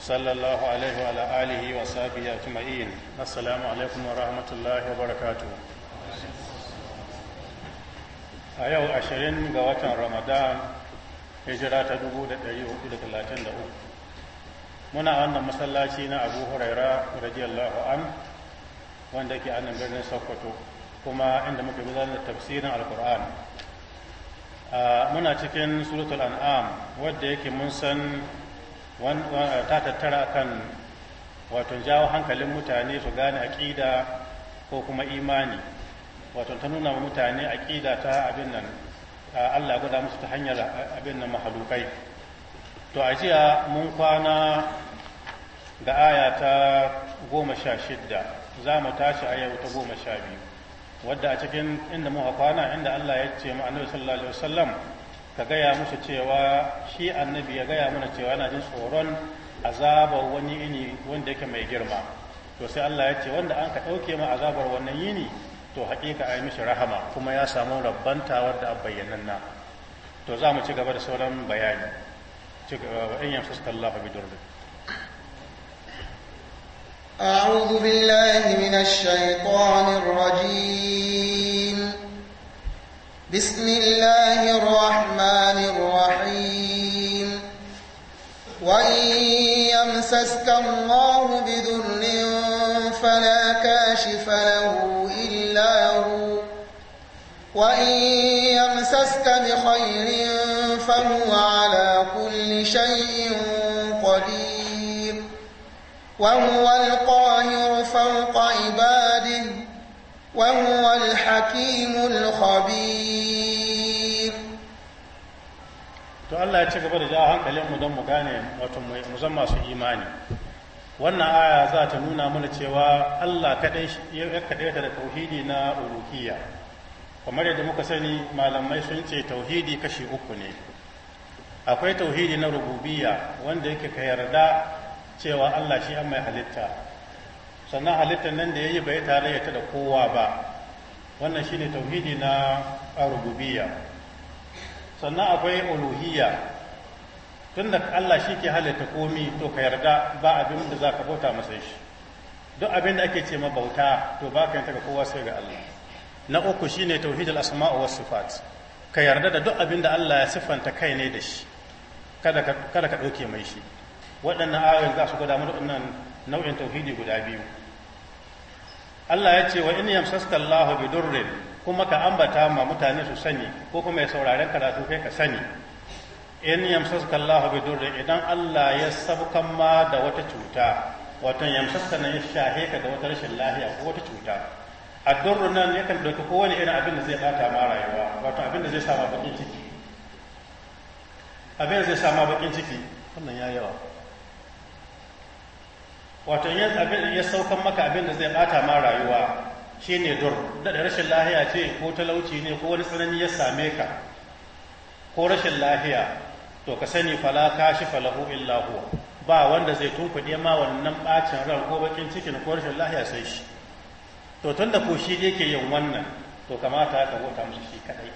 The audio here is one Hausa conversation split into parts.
صلى الله عليه وعلى آله وصحبه أجمعين السلام عليكم ورحمة الله وبركاته a yau ashirin ga watan ramadan hijira ta dubu da ɗari hudu da talatin da uku muna wannan masallaci na abu huraira radiyallahu an wanda ke annan birnin sokoto kuma inda muka gudanar da tafsirin alkur'an muna cikin suratul an'am wadda yake mun san Eh, ta tattara akan wato jawo hankalin mutane su gane aƙida ko kuma imani wato ta nuna wa mutane aƙida ta abin nan eh, Allah guda musu ta hanyar eh, abin nan mahalukai to a jiya mun kwana ga aya ta goma sha shidda za mu tashi a yau ta goma sha biyu wadda a cikin inda muka kwana inda Allah ya ce mu sallallahu alaihi wasallam ka gaya musu cewa shi annabi ya gaya mana cewa yana jin tsoron azabar wani ini wanda yake mai girma to sai Allah ya ce wanda an ka ɗauke ma azabar wannan yini to haƙiƙa a yi mishi rahama kuma ya samu rabbanta wadda a bayyanan na to za mu ci gaba da sauran bayani ci gaba in yamsu suka Allah bi durbi أعوذ بالله من الشيطان الرجيم بسم الله الرحمن الرحيم وإن يمسسك الله بذل فلا كاشف له إلا هو وإن يمسسك بخير فهو على كل شيء قدير وهو القاهر فوق عباده وهو الحكيم الخبير to Allah ya ci gaba da jawo hankalinmu don mu gane wato mu zan masu imani wannan aya za ta nuna mana cewa Allah kaɗai ya kaɗaita da tauhidi na uluhiyya kamar yadda muka sani malamai sun ce tauhidi kashi uku ne akwai tauhidi na rububiyya wanda yake ka yarda cewa Allah shi an mai halitta sannan halittar nan da ya yi bai tare ta da kowa ba wannan shine tauhidi na rububiyya sannan akwai uluhiyya tunda Allah shi ke halitta komi to ka yarda ba abin da za ka bauta masa shi duk abin da ake ce ma bauta to ba ka yanta ga kowa sai ga Allah na uku shine tauhidul Asma'u wa sifat ka yarda da duk abin da Allah ya siffanta kai ne da shi kada ka kada ka dauke mai shi waɗannan ayoyin za su gwada mana waɗannan nau'in tauhidi guda biyu Allah ya ce wa in yamsaska Allah bi durrin kuma ka ambata ma mutane su sani ko kuma ya sauraren karatu kai ka sani in yamsaska Allah bi durrin idan Allah ya sabkan ma da wata cuta wato yamsaska nan ya shahe ka da wata rashin lafiya ko wata cuta addurru nan yakan dauki kowane irin abin da zai bata ma rayuwa wato abin da zai sa ma bakin ciki abin da zai sa ma bakin ciki wannan ya yawa wato ya saukan maka abin da zai bata ma rayuwa shi ne dur da rashin lahiya ce ko talauci ne ko wani tsanani ya same ka ko rashin lahiya to ka sani fala shi falahu illa huwa ba wanda zai tunkuɗe ma wannan bacin ran ko bakin cikin ko rashin lahiya sai shi to tunda ko shi yake yin wannan to kamata ka bauta musu shi kadai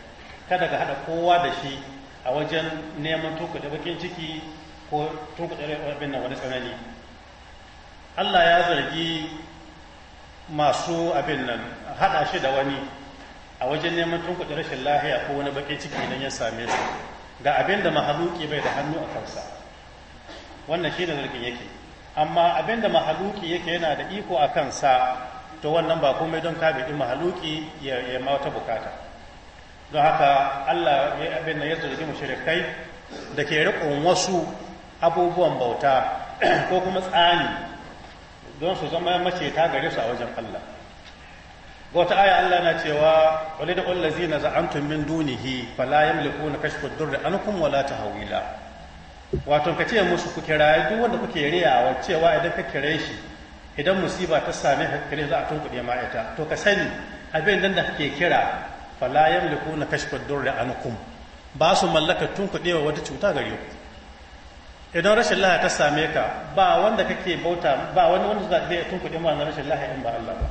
kada ka hada kowa da shi a wajen neman tunkuɗe bakin ciki ko tunkuɗe abin nan wani tsanani Allah ya zargi masu abin nan haɗa shi da wani a wajen neman da rashin lahiya ko wani baƙin ciki idan ya same su ga abin da mahaluki bai da hannu a kansa wannan shi da zargin yake amma abin da mahaluki yake yana da iko a kansa to wannan ba komai don ka biɗi mahaluki ya ma wata bukata don haka Allah ya abin da ya zargi mushrikai da ke riƙon wasu abubuwan bauta ko kuma tsani don su zama mace ta gare su a wajen Allah wata aya Allah na cewa walid allazina za'antum min dunihi fala yamlikuna kashfa ad-durri ankum wala tahwila wato ka ce musu ku kiraye duk wanda kuke riyawa cewa idan ka kire shi idan musiba ta same ka kire za a tunkuɗe ma to ka sani abin nan da kake kira fala yamlikuna kashfa ad-durri ankum ba su mallaka tunkuɗewa wata cuta gare ku idan rashin laha ta same ka ba wanda kake bauta ba wani wanda za ka tun kuɗin wannan rashin laha in ba Allah ba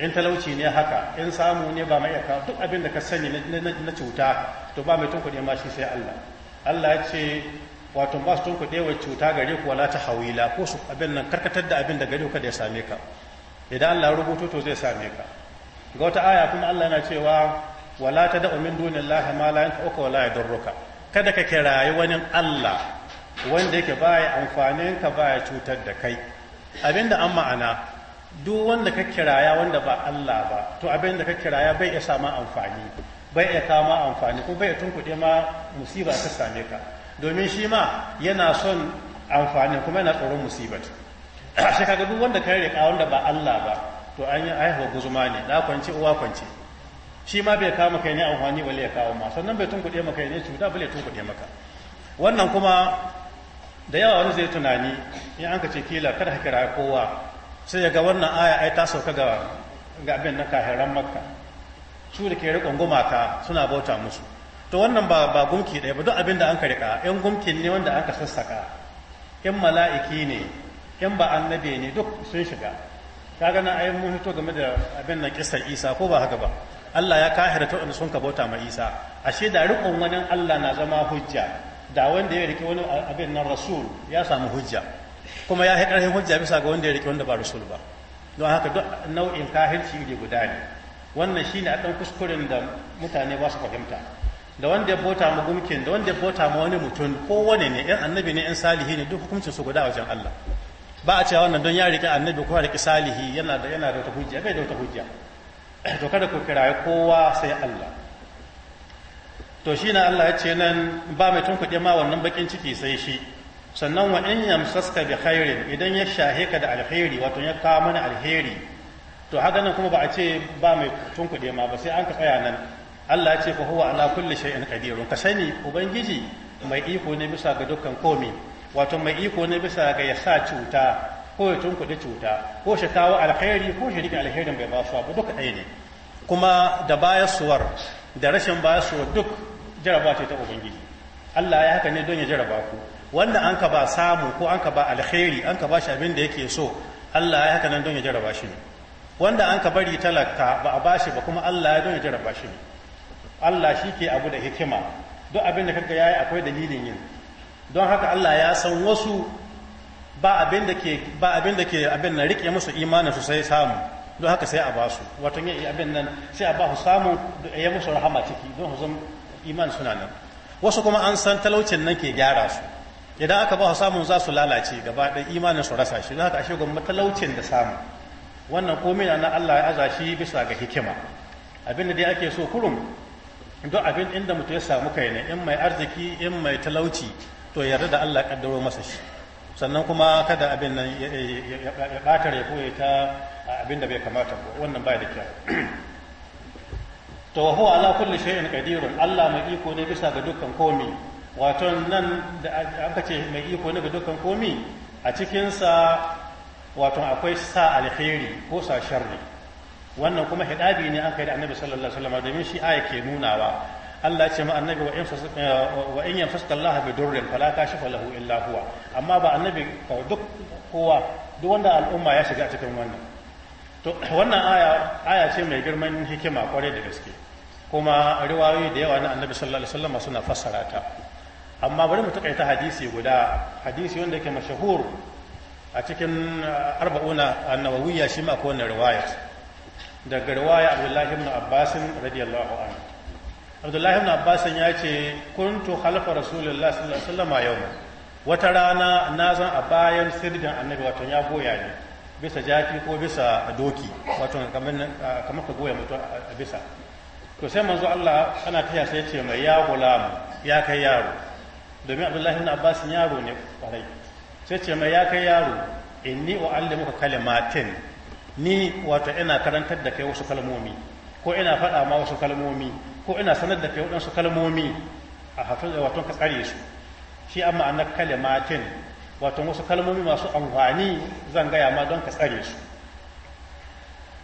in talauci ne haka in samu ne ba mai duk abin da ka sani na cuta to ba mai tun kuɗi ma shi sai Allah Allah ya ce wato ba su tun kuɗe wa cuta gare ku wala ta hawila ko su abin nan karkatar da abin da gare ka da ya same ka idan Allah rubutu to zai same ka ga wata aya kuma Allah yana cewa wala ta da'u min dunillahi ma la yanfa'uka wala yadurruka kada ka yi wani Allah wanda yake baya amfanin ka baya cutar da kai abinda an ma'ana duk wanda ka kiraya wanda ba Allah ba to abinda ka kiraya bai iya sama amfani bai iya kama amfani ko bai iya tunkuɗe ma musiba ta same ka domin shi ma yana son amfani kuma yana tsoron musibat a shekaru duk wanda ka riƙa wanda ba Allah ba to an yi aihuwa guzuma ne na kwance uwa kwance shi ma bai kama kai ne amfani wale ya kawo ma sannan bai tunkuɗe maka ne cuta bale tunkuɗe maka wannan kuma da yawa wani zai tunani in an ka ce kila kada ka kira kowa sai ya ga wannan aya ai ta sauka ga ga abin na kahiran makka su da ke rikon gumaka suna bauta musu to wannan ba ba gumki ɗaya ba duk abin da an ka riƙa in gumkin ne wanda an ka sassaka in mala'iki ne in ba annabi ne duk sun shiga ka gana ai mun hito game da abin nan kisar isa ko ba haka ba Allah ya ta waɗanda sun ka bauta ma isa ashe da rikon wani Allah na zama hujja da wanda ya rike wani abin nan rasul ya samu hujja kuma ya yi ƙarfin hujja bisa ga wanda ya rike wanda ba rasul ba don haka duk nau'in kahirci ne guda ne wannan shine a ɗan kuskuren da mutane ba su fahimta da wanda ya bota mu gumkin da wanda ya bota mu wani mutum ko wani ne yan annabi ne yan salihi ne duk hukuncin su guda wajen Allah ba a cewa wannan don ya rike annabi ko rike salihi yana da yana da wata hujja bai da wata hujja to kada ku kiraye kowa sai Allah to shi na Allah ya ce nan ba mai tunkuɗe ma wannan bakin ciki sai shi sannan wa in yamsaska bi khairin idan ya shahe ka da alheri wato ya kawo mana alheri to haka nan kuma ba a ce ba mai tunkuɗe ma ba sai an ka tsaya nan Allah ya ce fa huwa ala kulli shay'in qadirun ka sani ubangiji mai iko ne bisa ga dukkan komi wato mai iko ne bisa ga ya sa cuta ko ya tunkuɗe cuta ko shi kawo alheri ko shi rike alherin bai ba su ba duka ɗaya ne kuma da bayasuwar da rashin bayasuwar duk jaraba ce ta ubangiji Allah ya haka ne don ya jaraba ku wanda an ka ba samu ko an ka ba alkhairi an ka ba shi abin da yake so Allah ya haka nan don ya jaraba shi ne wanda an ka bari talaka ba a bashi ba kuma Allah ya don ya jaraba shi ne Allah shi ke abu da hikima duk abin da kanka yayi akwai dalilin yin don haka Allah ya san wasu ba abin da ke ba abin da ke abin na rike musu imanin su sai samu don haka sai a ba su wato abin nan sai a ba su samu ya musu rahama ciki don su iman suna nan wasu kuma an san talaucin nan ke gyara su idan aka ba samun za su lalace gaba ɗaya imanin su rasa shi don haka ashe talaucin da samu wannan komai na Allah ya aza shi bisa ga hikima abin da dai ake so kurum don abin inda mutum ya samu kai ne in mai arziki in mai talauci to yarda da Allah kaddaro masa shi sannan kuma kada abin nan ya ɓata ko ya ta abin da bai kamata wannan baya da kyau to huwa ala kulli shay'in qadirun Allah mai iko ne bisa ga dukkan komi wato nan da aka ce mai iko ne ga dukkan komi a cikin sa wato akwai sa alkhairi ko sa sharri wannan kuma hidabi ne aka yi da annabi sallallahu alaihi wasallam domin shi aya ke nunawa Allah ce ma annabi wa in yamsaka Allah bi durrin fala kashifa lahu illa huwa amma ba annabi ko duk kowa duk wanda al'umma ya shiga cikin wannan to wannan aya aya ce mai girman hikima kwarai da gaske kuma riwayoyi da yawa na annabi sallallahu alaihi wasallam suna fassara ta amma bari mu takaita hadisi guda hadisi wanda yake mashahur a cikin uh, arba'una annawawiyya shi ma ko wannan riwaya daga riwaya abdullahi ibn abbas radiyallahu anhu abdullahi ibn abbas ya ce kuntu khalfa rasulullahi sallallahu alaihi wasallam yawma wata rana na zan a bayan sirdin annabi wato ya goya ne bisa jaki ko bisa doki wato kamar uh, ka goya mutum a bisa to sai manzo Allah ana taya sai ce mai ya gulamu ya kai yaro domin Abdullahi ibn Abbas yaro ne kwarai sai ce mai ya kai yaro inni uallimuka kalimatin ni wato ina karantar da kai wasu kalmomi ko ina faɗa ma wasu kalmomi ko ina sanar da kai waɗansu kalmomi a da wato ka tsare su shi amma annab kalimatin wato wasu kalmomi masu amfani zan gaya ma don ka tsare su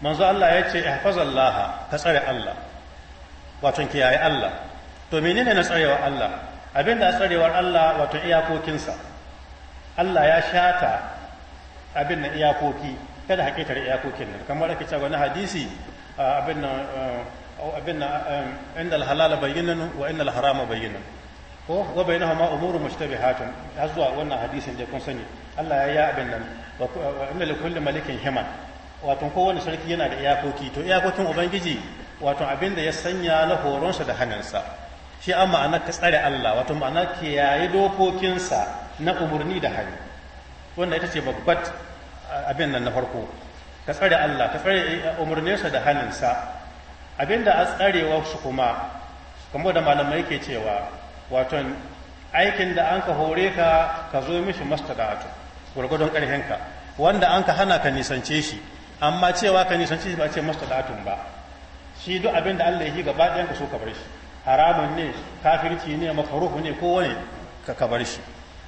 manzo Allah ya ce ihfazallah ka tsare Allah wato kiyaye Allah to menene na tsarewar Allah abinda a tsarewar Allah wato iyakokinsa Allah ya shata abin nan iyakoki kada hakitar iyakokin nan kamar ake cewa wani hadisi abin nan abin nan um, inda halala bayyinan wa inda harama bayyinan ko wa bainahuma umuru mushtabihatun har zuwa wannan hadisin da kun sani Allah ya yi abin nan wa inna likulli malikin himan wato kowane sarki yana da iyakoki to iyakokin ubangiji wato abin da ya sanya na horonsa da hannunsa shi an ma'ana ka tsare Allah wato ma'ana ke yayi dokokinsa na umarni da hannu wanda ita ce babbat abin nan na farko ka tsare Allah ka tsare eh, umarninsa da hannunsa abin da a tsarewa su kuma kamar da malamai ke cewa wato aikin da an ka hore ka ka zo mishi mastada'atu gwargwadon ƙarfinka wanda an ka hana ka nisance shi amma cewa ka nisance shi ba ce mastada'atun ba shi duk abin da Allah ya yi gaba ɗayan ka so ka bar shi haramun ne kafirci ne makaruhu ne ko wani ka ka bar shi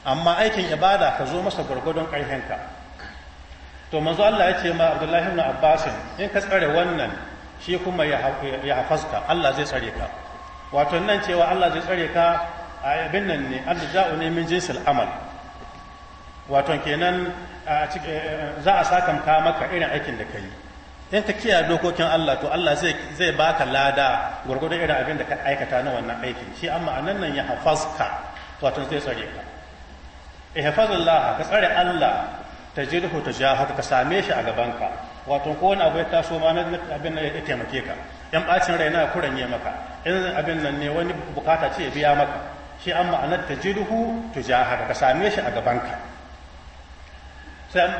amma aikin ibada ka zo masa gwargwadon ƙarfinka to manzo Allah ya ce ma Abdullahi ibn Abbas in ka tsare wannan shi kuma ya hafaska Allah zai tsare ka wato nan cewa Allah zai tsare ka a abin nan ne alja'u ne min jinsil amal wato kenan eh, za a sakamta maka irin aikin da ka yi in ka kiyaye dokokin Allah to Allah zai zai baka lada gurgurdan irin abin da ka aikata na wannan aikin shi amma anan nan ya hafazka wato zai tsare ka ihfazullah ka tsare Allah tajidhu haka ka same shi a gabanka wato ko wani abu ya taso ma na abin nan ya taimake ka yan bacin rai na kuranye maka in abin nan ne wani bukata ce ya biya maka shi amma anan tajidhu haka ka same shi a gabanka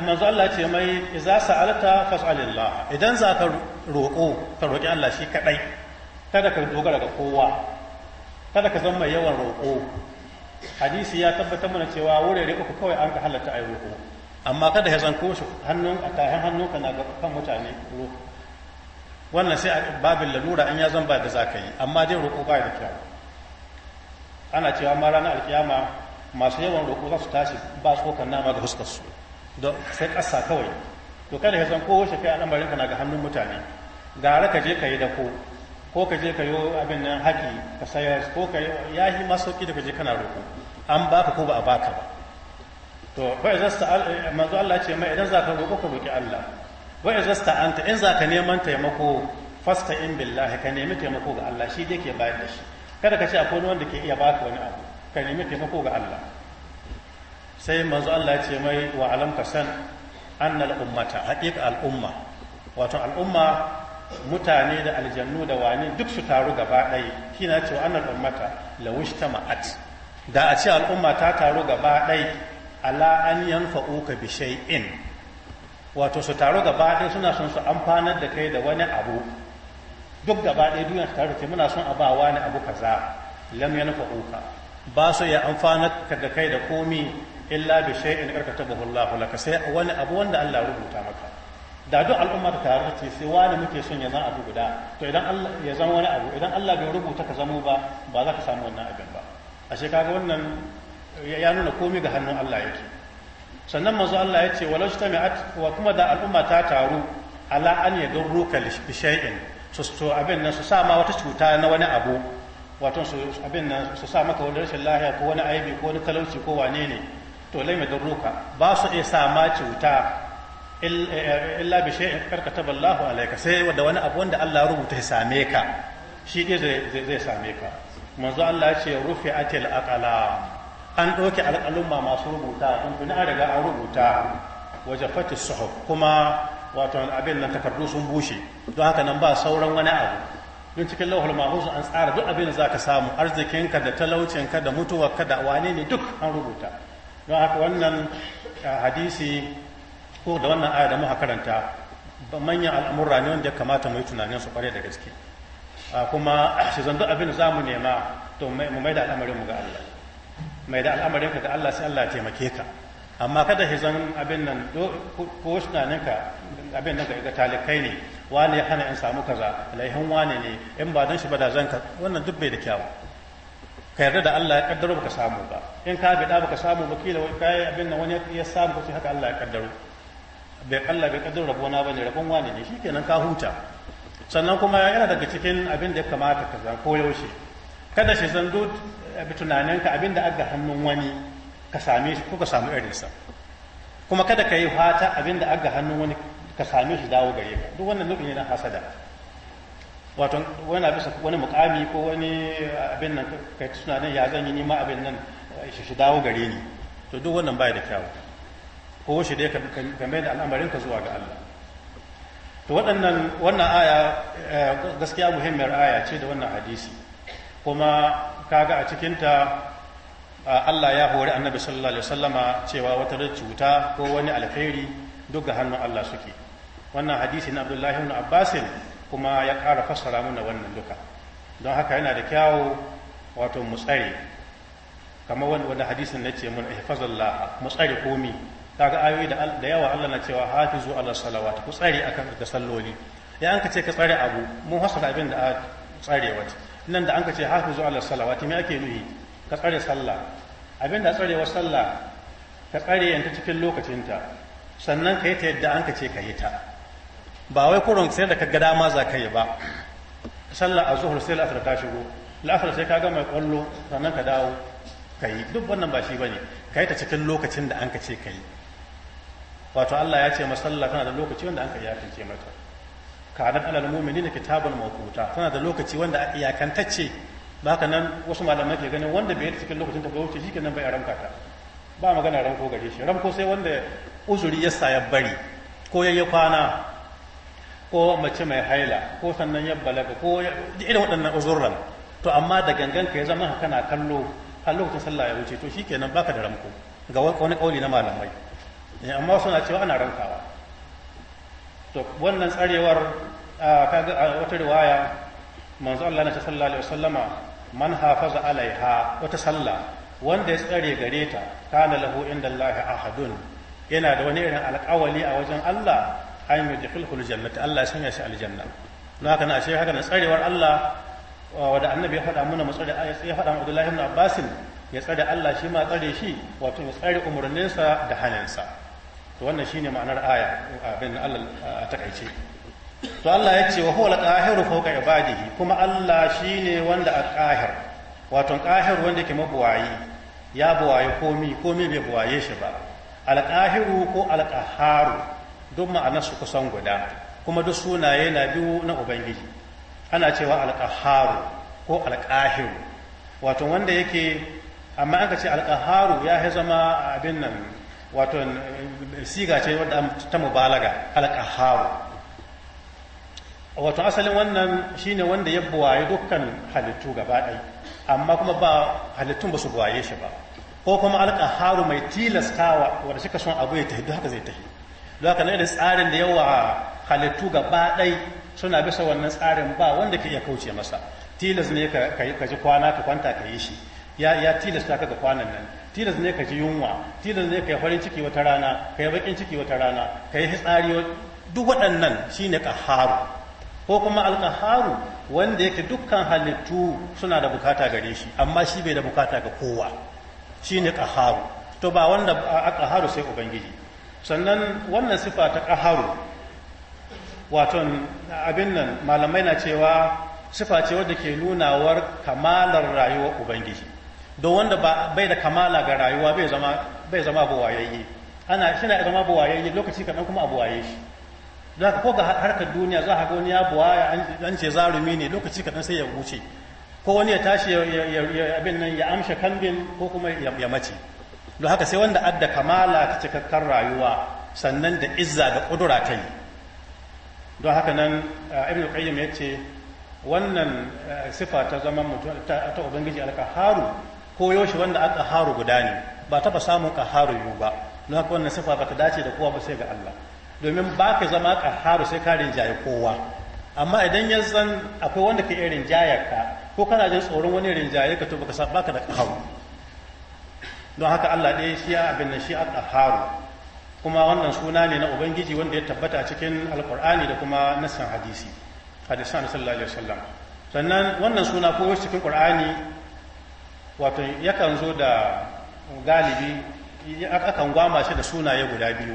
manzo Allah ce mai iza sa'alta fas'alillah idan za ka roƙo ka roƙi Allah shi kaɗai, kada ka dogara ga kowa kada ka zama mai yawan roƙo hadisi ya tabbatar mana cewa wurare uku kawai an ka halatta yi roƙo amma kada ya zanko shi hannun a tahin hannu kana ga kan mutane roƙo wannan sai a babin lalura in ya zan ba da za ka yi amma dai roƙo ba da kyau ana cewa ma ranar alkiyama masu yawan roƙo za su tashi ba tsokan nama ga su sai ƙasa kawai to kada ka san ko wace kai al'amarin ka na ga hannun mutane gara ka je ka yi dako ko ka je ka yi abin nan haƙi ka sayar ko ka ya yi masu sauƙi da ka je kana roƙo an baka ko ba a baka ba to wa zasta sa'al manzo Allah ce mai idan za ka roƙo ka roƙi Allah wa idza anta in za ka neman taimako fasta in billahi ka nemi taimako ga Allah shi dai ke bayar da shi kada ka ce akwai wanda ke iya baka wani abu ka nemi taimako ga Allah sai manzo Allah ya ce mai wa alam ka san annal ummata haqiqa al'umma wato al'umma mutane da aljannu da wani duk su taru gaba ɗaya shi na cewa annal ummata lawishtama'at da a ce al'umma ta taru gaba ɗaya ala an yanfa'uka bi shay'in wato su taru gaba ɗaya suna son su amfanar da kai da wani abu duk gaba ɗaya duniya ta taru muna son a ba wani abu kaza lam yanfa'uka ba su ya amfanar da kai da komi illa bi shay'in karkatabahu Allah laka sai wani abu wanda Allah rubuta maka da duk al'umma ta taru ce sai wani muke son ya zama abu guda to idan Allah ya zama wani abu idan Allah bai rubuta ka zamo ba ba za ka samu wannan abin ba ashe kaga wannan ya nuna komai ga hannun Allah yake sannan manzo Allah ya ce walau jtami'at wa kuma da al'umma ta taru ala an yadurruka bi shay'in su abin nan su sa ma wata cuta na wani abu wato su abin nan su sa maka wani rashin lahiya ko wani aibi ko wani talauci ko wane ne to lai mai durruka ba su iya sama cuta eh, eh, illa bi shay'in karkataba Allah alayka sai wanda wani abu wanda Allah rubuta ya same ka shi dai zai same ka manzo Allah ya ce rufi'atil aqala an doke alqalumma masu rubuta in tuni an riga an rubuta wajafati suhuf kuma wato abin nan takardu sun bushe don haka nan ba sauran wani abu don cikin lauhul mahfuz an tsara duk abin da zaka samu arzikinka da talaucinka da mutuwarka da wane ne duk an rubuta don haka wannan hadisi ko da wannan aya da muka karanta manyan al'amurra ne wanda ya kamata mu yi tunanin su kware da gaske kuma shi zan duk abin da za mu nema to mu mai da al'amarin mu ga Allah mai da al'amarin ka ga Allah sai Allah ya taimake ka amma kada shi zan abin nan ko tunanin ka abin nan ga talikai ne wani ya hana in samu kaza alaihin wani ne in ba don shi ba da zan ka wannan duk bai da kyawu ka yarda da Allah ya kaddaro baka samu ba in ka da baka samu ba kila wai kai abin nan wani ya samu sai haka Allah ya kaddaro bai Allah bai kaddaro na bane rabon wani ne shikenan ka huta sannan kuma yana daga cikin abin da ya kamata ka zan koyaushe kada shi zan duk eh, ka abin da aga hannun wani ka same shi ko ka samu sa kuma kada ka yi fata abin da aga hannun wani ka same shi dawo gare ka duk wannan nufi ne na hasada wato wani bisa wani mukami ko wani abin nan kai suna nan ya zan yi nima abin nan shi dawo gare ni to duk wannan baya da kyau. ko shi dai ka mai da al'amarin ka zuwa ga Allah to waɗannan wannan aya eh, gaskiya muhimmiyar aya ce da wannan hadisi kuma kaga a cikin ta Allah ya hori annabi sallallahu alaihi wasallama cewa wata cuta ko wani alkhairi duk ga hannun Allah suke wannan hadisi na Abdullahi ibn Abbasin kuma ya ƙara fassara mana wannan duka don haka yana da kyawo wato mu tsare kamar wanda hadisin na ce mun ihfazallah mu tsare komi kaga ayoyi da yawa Allah na cewa hafizu ala salawat ku tsare akan da salloli ya an ce ka tsare abu mun hasara abin da a tsare wata nan da an ka ce hafizu ala salawat me ake nuhi ka tsare sallah abin da tsare wa sallah ka tsare yanta cikin lokacinta sannan ka yi ta yadda an ka ce ka yi ta ba wai kurun sai da kaga dama za ka yi ba sallah a zuhur sai la'asar ka shigo la'asar sai ka gama kwallo sannan ka dawo ka yi duk wannan ba shi bane ka yi ta cikin lokacin da an ka ce ka yi wato Allah ya ce masalla tana da lokaci wanda an ka iyakance mata kanat alal mu'minina kitabun mawquta tana da lokaci wanda a iyakantacce baka nan wasu malamai ke ganin wanda bai yi cikin lokacin ta ba wuce shikenan bai aranka ta ba magana ranko gare shi ranko sai wanda uzuri ya sa ya bari ko ya yi kwana ko mace mai haila ko sannan ya balaga ko irin waɗannan uzurran to amma da gangan ka ya zama kana kallo har lokacin sallah ya wuce to shikenan baka da ramko ga wani kauli na malamai eh, amma suna cewa ana rankawa to wannan tsarewar kaga a wata riwaya manzo Allah na ta sallallahu alaihi wasallama man hafaza alaiha wata sallah wanda ya tsare gare ta kana lahu inda Allah ahadun yana da wani irin alƙawali a wajen Allah ay mai dakhilul jannati Allah ya sanya shi aljanna don haka na ashe haka na tsarewar Allah wadda annabi ya faɗa mana mu ya faɗa mana Abdullahi ibn Abbas ya tsare Allah shi ma tsare shi wato ya tsare umurninsa da hannunsa to wannan shine ma'anar aya abin Allah a takaice to Allah ya ce wa huwa al-qahiru fawqa ibadihi kuma Allah shine wanda al-qahir wato qahir wanda yake mabuwayi ya buwaye komi komi bai buwaye shi ba al-qahiru ko al-qaharu duk ma'anar su kusan guda kuma duk sunaye na biyu na ubangiji ana cewa alƙaharu ko alƙahiru wato wanda yake amma aka ce alƙaharu ya zama abin nan wato eh, siga ce wadda ta mubalaga alƙaharu wato asalin wannan shine wanda ya buwaye dukkan halittu gaba ɗai amma kuma ba halittun ba su buwaye shi ba ko kuma alƙaharu mai tilasta wanda suka son abu ya tafi haka zai tafi don haka da tsarin da yawa halittu gaba ɗai suna bisa wannan tsarin ba wanda ke iya kauce masa tilas ne ka ji kwana ka kwanta ka yi shi ya tilasta ka ga kwanan nan tilas ne ka ji yunwa tilas ne ka yi farin ciki wata rana ka yi bakin ciki wata rana ka yi tsari duk waɗannan shine ƙaharu ko kuma alƙaharu wanda yake dukkan halittu suna da bukata gare shi amma shi bai da bukata ga kowa shine ƙaharu to ba wanda a ƙaharu sai ubangiji sannan wannan sifa ta ƙaharu waton abin nan malamai na cewa sifa ce wadda ke nunawar kamalar rayuwar ubangiji don wanda bai da kamala ga rayuwa bai zama buwayayye ana shina zama buwayayye lokaci kaɗan kuma abu waye shi za ka koga harkar duniya za ka wani ya buwaya an ce zarumi ne lokaci kaɗan sai ya wuce ko wani ya tashi abin nan ya amsha kambin ko kuma ya mace don haka sai wanda adda kamala ta cikakkar rayuwa sannan da izza da ƙudura ta yi don haka nan ibn qayyim ya ce wannan sifa ta zama mutum ta ubangiji alkaharu ko yaushe wanda aka haru guda ne ba taba samun kaharu yiwu ba don haka wannan sifa ba ta dace da kowa ba sai ga Allah domin ba ka zama kaharu sai ka rinjaye kowa amma idan ya zan akwai wanda ke iya rinjayar ka ko kana jin tsoron wani rinjaye ka to baka da kaharu don haka Allah ɗaya shi abin da shi a faru. kuma wannan suna ne na ubangiji wanda ya tabbata cikin alkur'ani da kuma nassan hadisi hadisan sallallahu alaihi wasallam sannan wannan suna ko cikin qur'ani wato yakan zo da galibi akan gwama shi da sunaye guda biyu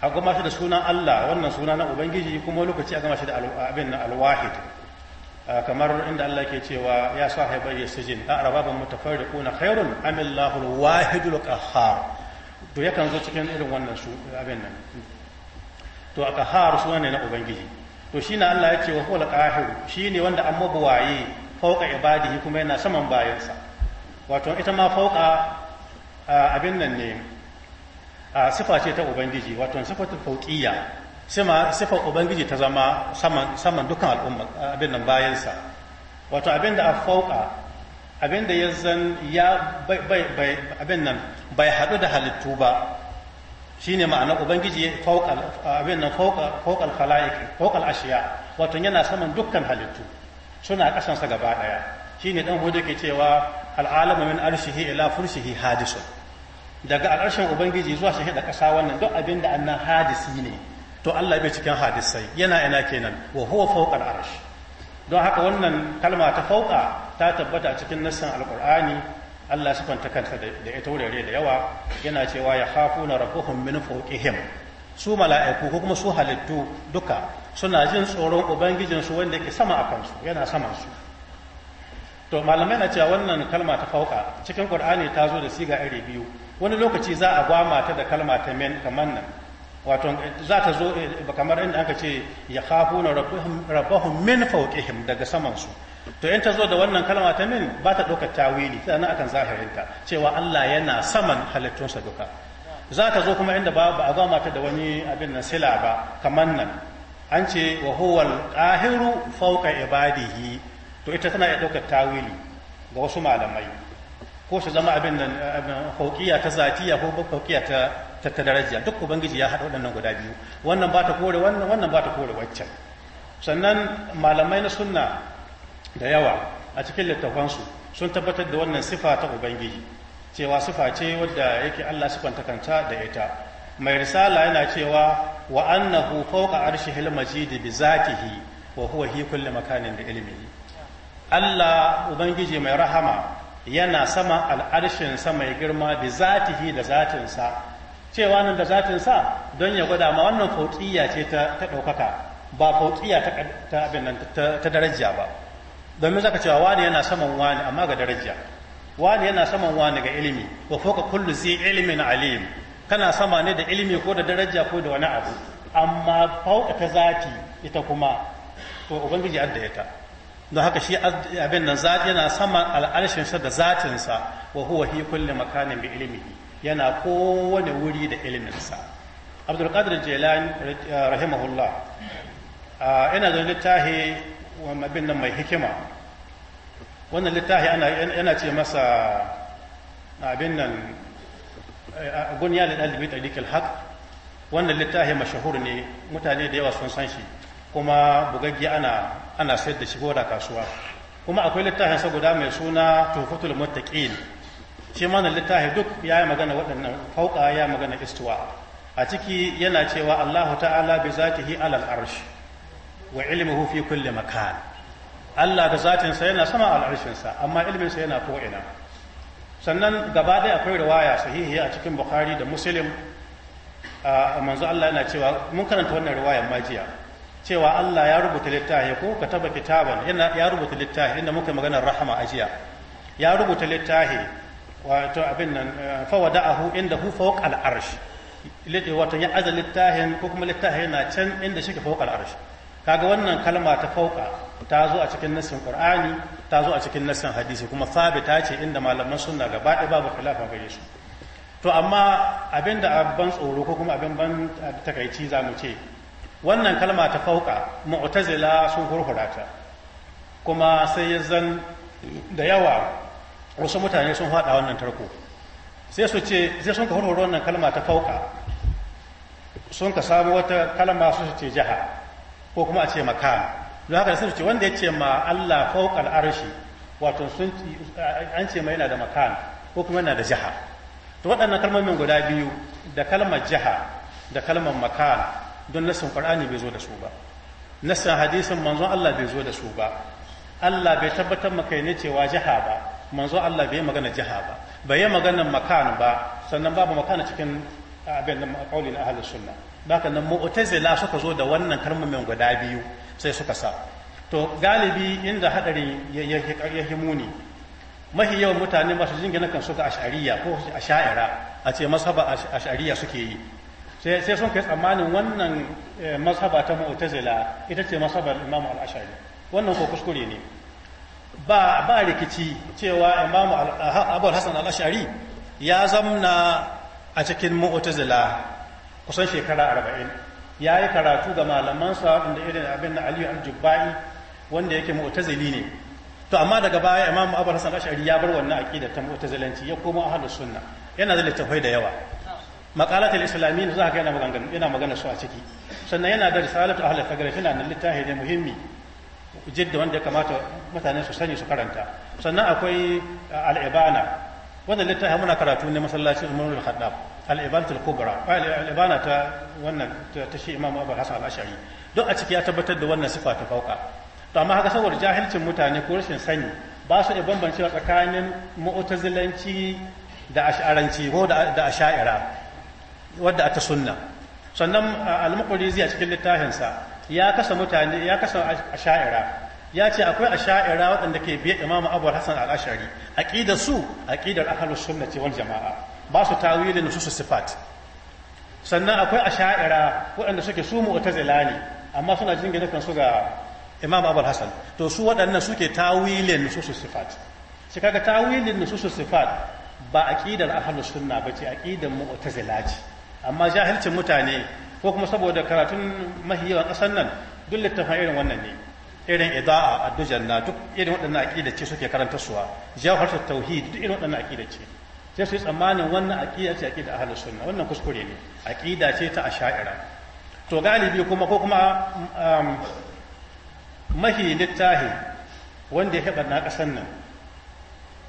a gwama shi da sunan Allah wannan suna na ubangiji kuma lokaci a gama shi da abin na alwahid Ah, kamar inda Allah ke cewa ya sa sahibai ya sijin a ah, arababin mutafarriquna khairun amillahu alwahidul qahhar to yakan zo cikin irin wannan su abin nan to a qahhar suna ne na ubangiji to shine Allah ya ce wa huwal qahir shine wanda an mabuwaye fauka ibadihi kuma yana saman bayansa wato ita ma fauka ah, abin nan ne sifa ce ta ubangiji wato sifatul fauqiyya sifar ubangiji ta zama saman dukkan al'umma abin nan bayansa wato abin da a fauka abin da ya zan ya abin nan bai haɗu da halittu ba shine ma'anar ubangiji fauka abin nan fauka al-khalaiq fauka ashiya wato yana saman dukkan halittu suna kasansa gaba daya shine dan hudu ke cewa al'alamu min arshihi ila furshihi hadisun daga al'arshin ubangiji zuwa shi shahida kasa wannan duk abin da annan hadisi ne to Allah bai cikin hadisai yana ina kenan wa huwa fawqa arsh don haka wannan kalma ta fauka ta tabbata a cikin nassan alqur'ani Allah su kwanta kanta da ita wurare da yawa yana cewa ya khafuna rabbuhum min fawqihim su mala'iku ko kuma su halittu duka suna jin tsoron ubangijinsu wanda yake sama a kansu yana saman su to malamai na cewa wannan kalma ta fauka cikin qur'ani ta zo da siga iri biyu wani lokaci za a gwamata da kalma ta men kamar nan wato za ta zo eh, kamar inda aka ce ya kafu na rabahun min fauƙihim daga samansu to in ta zo da wannan kalma ta min ba ta ɗaukar tawili ta nan akan zahirinta cewa Allah yana saman halittunsa duka za ta zo kuma inda ba a zama ta da wani abin sila ba kamar nan an ce wa huwal qahiru fawqa ibadihi to ita tana iya ɗaukar tawili ga wasu malamai ko su zama abin nan fauqiya ta zatiya ko fauqiya ta ta daraja duk ubangiji ya haɗa waɗannan guda biyu wannan ba ta kore wannan wannan ba ta kore waccan sannan malamai na sunna da yawa a cikin littafansu sun tabbatar da wannan sifa ta ubangiji cewa sifa ce wadda yake Allah sifanta kanta da ita mai risala yana cewa wa annahu fawqa arshihil majid bi zatihi wa huwa hi kulli makanin da ilmihi Allah ubangiji mai rahama yana sama al'arshin sama mai girma bi zatihi da zatinsa cewa nan da zatin sa don ya gwada ma wannan fautiya ce ta ta daukaka ba fautiya ta ta abin nan ta daraja ba domin zaka cewa wani yana saman wani amma ga daraja wani yana saman wani ga ilimi wa fawqa kullu zi ilmin alim kana sama ne da ilimi ko da daraja ko da wani abu amma fauka ta zati ita kuma to ubangiji adda ta don haka shi abin nan zati yana saman al'arshin sa da zatinsa wa huwa hi kulli makanin bi ilmihi yana kowane wuri da iliminsa abdulkadir jelani rahimahullah yana da littafi mabin nan mai hikima wannan littafi yana ce masa abin nan gunya da ɗalibi ɗarikil haq wannan littafi mashahur ne mutane da yawa sun san shi kuma bugaggi ana ana sayar da shigo da kasuwa kuma akwai littafin sa guda mai suna tufatul muttaqin shi mana littafi duk ya yi magana waɗannan fauka ya magana istuwa a ciki yana cewa Allahu ta'ala bi zatihi alal arsh wa ilmuhu fi kulli makan Allah da zatinsa yana sama al'arshinsa amma ilminsa yana ko'ina sannan gaba ɗaya akwai riwaya sahihi a cikin bukhari da muslim a manzo Allah yana cewa mun karanta wannan riwayar majiya cewa Allah ya rubuta littafi ko kitaban ya rubuta littafi inda muka magana rahama ajiya ya rubuta littafi wato abin nan eh, fawada'ahu inda hu fawqa al-arsh lidi wato ya azal littahin ko kuma littahin na can inda shi ke fawqa al-arsh kaga wannan kalma ta fawqa ta zo a cikin nassin qur'ani ta zo a cikin nassin hadisi kuma sabita ce inda malaman sunna gaba ɗaya babu khilafa gare su to amma abin da ban tsoro ko kuma abin ban takaici za mu ce wannan kalma ta fauka mu'tazila sun hurhurata kuma sai ya zan da yawa wasu mutane sun haɗa wannan tarko sai su ce sai sun ka hurhuru wannan kalma ta fauka sun ka samu wata kalma su ce jiha ko kuma a ce makam don haka sun ce wanda ya ce ma Allah fauka arshi wato sun an ce ma yana da makam ko kuma yana da jiha to waɗannan kalmomin guda biyu da kalmar jiha da kalmar makam don nassin qur'ani bai zo da su ba nassin hadisin manzon Allah bai zo da su ba Allah bai tabbatar maka ne cewa jiha ba manzo Allah bai magana jiha ba bai yi magana makan ba sannan babu makana cikin abin da kaulin ahlus sunna haka nan mu'tazila suka zo da wannan kalmomin guda biyu sai suka sa to galibi inda hadarin ya himuni mahi yawan mutane masu jingina kan suka ash'ariya ko asha'ira a ce mazhaba ash'ariya suke yi sai sun kai tsammanin wannan eh, mazhaba ta mu'tazila ita ce mazhabar imamu al-ash'ari wannan ko kuskure ne ba rikici cewa imamu ah, abul Hassan al-ashari ya zamna a cikin mu'tazila kusan shekara arba'in ya yi karatu ga malamansa inda irin abin na aliyu al-jubba'i wanda yake mu'tazili ne to amma daga baya imamu abul Hassan al-ashari ya bar wannan aqida ta mu'tazilanci ya koma ahlus sunna yana da littafai da yawa maqalatul islamiyyin za ka yana magana su a ciki sannan yana da risalatu ahlul fagr yana nan littafi ne muhimmi jidda wanda ya kamata mutane su sani su karanta sannan akwai uh, al'ibana wannan littafi muna karatu ne masallacin umarul khaddab al'ibanatul kubra al'ibana ta wannan ta shi imam abu hasan don a ciki ya tabbatar da wannan sifa ta fauka to amma haka saboda jahilcin mutane ko rashin sani ba su iya bambancewa tsakanin mu'tazilanci da ash'aranci ko da asha'ira wadda ata sunna sannan uh, al-muqrizi a cikin littafinsa ya kasa mutane ya kasa asha'ira ya ce akwai asha'ira waɗanda ke biye imamu abu hasan al'ashari ashari aqidar su aqidar ahlus ce wal jama'a ba su tawilin su sifat sannan akwai asha'ira waɗanda suke su mu'tazila ne amma suna jingina kansu ga imam abu alhassan to su waɗannan suke tawilin su sifat shi kaga tawilin su sifat ba aƙidar ahlus sunna bace aƙidar mu'tazila ce amma jahilcin mutane ko kuma saboda karatun mahiyawan ƙasar nan duk littafin irin wannan ne irin ida'a addujan na duk irin waɗannan aƙida ce suke karanta suwa jawhar tauhid duk irin waɗannan aƙida ce sai su yi tsammanin wannan aƙida ce aƙida ahlus sunna wannan kuskure ne aƙida ce ta asha'ira to galibi kuma ko kuma um, mahi littahi wanda ya haɓar na ƙasar nan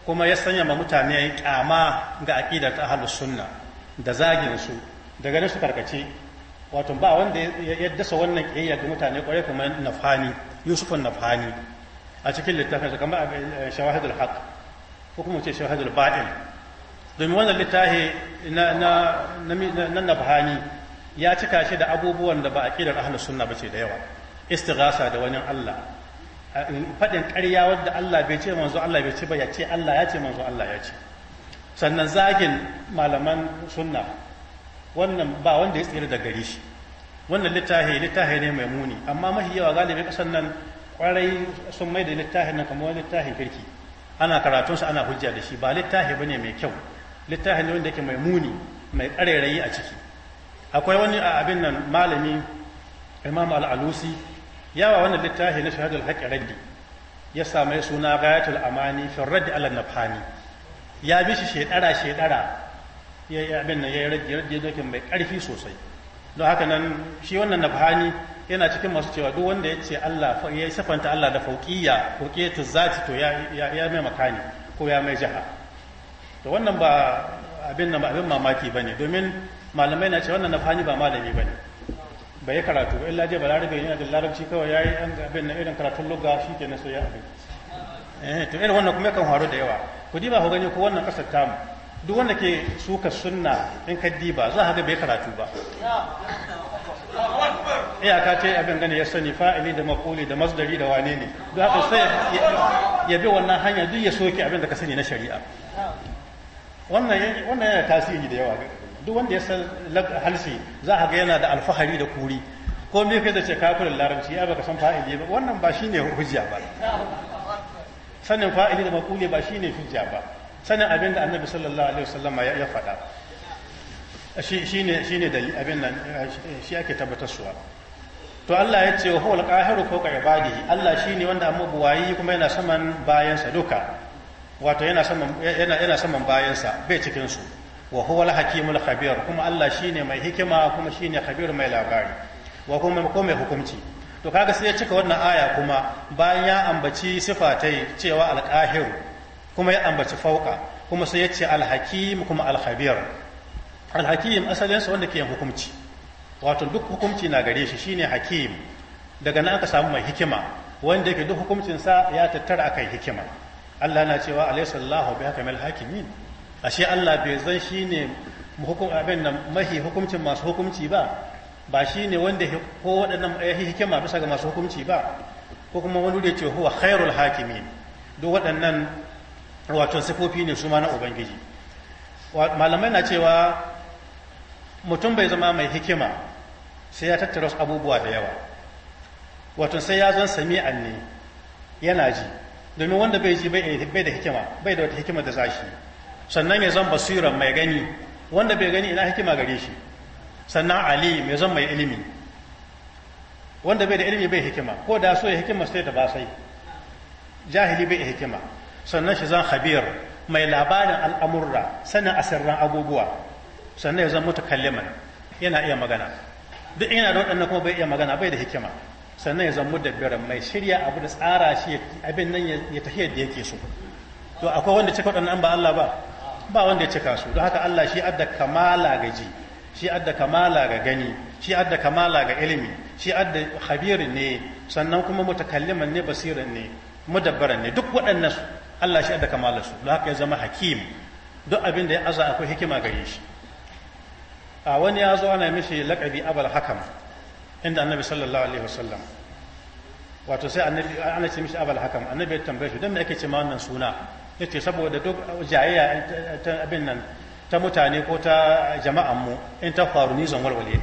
kuma ya sanya ma mutane ƙyama ga aƙida ta ahlus sunna da zagin su daga nan su karkace wato ba wanda ya dasa wannan kiyayya ga mutane kwarai kamar nafani yusufun nafani a cikin littafin sa kamar eh, shawahidul haq ko kuma ce shawahidul batil domin wannan littafi na na nafhani ya cika shi da abubuwan da ba a aqidar ahlus sunna ba ce da yawa istighasa da wani Allah eh, faɗin ƙarya wanda Allah bai ce manzo Allah bai ce ba ya ce Allah ya ce manzo Allah ya ce sannan zagin malaman sunna wannan ba wanda ya tsira da gare shi wannan littafi littafi ne mai muni amma mafi yawa galibi kasan nan kwarai sun mai da littafin nan kamar littafin kirki ana karatun sa ana hujja da shi ba littafi bane mai kyau littafi ne wanda yake mai muni mai ƙarairayi a ciki akwai wani a abin nan malami imam al'alusi yawa wannan littafi na shahadul haƙi raddi ya samu suna gayatul amani fi raddi ala nafhani ya bi shi shedara shedara ya yi abin nan ya yi rage rage dokin mai ƙarfi sosai don haka nan shi wannan nabhani yana cikin masu cewa duk wanda ya ce Allah ya yi sifanta Allah da fauqiyya fauqiyatu zati to ya mai makani ko ya mai jaha to wannan ba abin nan ba abin mamaki bane domin malamai na ce wannan nabhani ba malami ba ne. bai yi karatu ba illa je balarabe yana da larabci kawai ya yi abin nan irin karatun lugha shi ke na so ya abin eh, to irin wannan kuma kan faru da yawa ku ba ku gani ko wannan kasar tamu duk wanda ke suka sunna in ka ba za ga bai karatu ba iyaka ce abin gane ya sani fa'ili da makuli da masdari da wane ne duk haka sai ya bi wannan hanya duk ya soke abin da ka sani na shari'a wannan yana tasiri da yawa duk wanda ya san halsi za ga yana da alfahari da kuri ko me kai da ce kafirin larabci ya baka san fa'ili ba wannan ba shine hujja ba sanin fa'ili da makuli ba shine hujja ba sanin abin da annabi sallallahu alaihi wasallam ya faɗa shi ne shi ne abin nan shi ake tabbatarsuwa to Allah ya ce wa huwal qahiru fawqa ibadihi Allah shine wanda amma buwayi kuma yana saman bayansa duka wato yana saman yana yana saman bayansa bai cikin su wa huwal hakimul khabir kuma Allah shine mai hikima kuma shine khabir mai labari wa kuma ko mai hukunci to kaga sai ya cika wannan aya kuma bayan ya ambaci sifatai cewa al-qahiru kuma ya ambaci fauka kuma sai ya ce alhakim kuma alhabir alhakim asalinsa wanda ke yin hukumci wato duk hukumci na gare shi shine hakim daga nan aka samu mai hikima wanda yake duk hukumcinsa ya tattara akan hikima Allah na cewa alayhi sallahu bi hakamil hakimin ashe Allah bai zan shine hukum abin nan mahi hukumcin masu hukumci ba ba shine wanda ko waɗannan ya hikima bisa ga masu hukumci ba ko kuma wani da ce huwa khairul hakimin duk waɗannan wato sifofi ne su ma na ubangiji malamai na cewa mutum bai zama mai hikima sai ya tattara abubuwa da yawa wato sai ya zan sami'an ne yana ji domin wanda bai ji bai da hikima bai da wata hikima da zashi sannan mai zan basira mai gani wanda bai gani ina hikima gare shi sannan ali mai zan mai ilimi wanda bai da ilimi bai hikima ko da so ya hikima sai da ba sai jahili bai hikima sannan shi zan habir mai labarin al'amurra sanin asirran abubuwa sannan ya zan mutakalliman yana iya magana duk yana da waɗannan kuma bai iya magana bai da hikima sannan ya zan mudabbirin mai shirya abu da tsara shi abin nan ya tafi yadda yake so to akwai wanda cika waɗannan ba Allah ba ba wanda ya cika su don haka Allah shi adda kamala ga ji shi adda kamala ga gani shi adda kamala ga ilimi shi adda khabirin ne sannan kuma mutakalliman ne basirin ne mudabbaran ne duk waɗannan su Allah shi da kamalar su haka ya zama hakim duk abin da ya aza akwai hikima gare shi a wani ya zo ana mishi laƙabi abal hakam inda annabi sallallahu alaihi wasallam wato sai annabi ana ce mishi abal hakam annabi ya tambaye shi don me ce ma wannan suna yace saboda duk jayayya ta abin nan ta mutane ko ta jama'an mu in ta faru ni zan walwale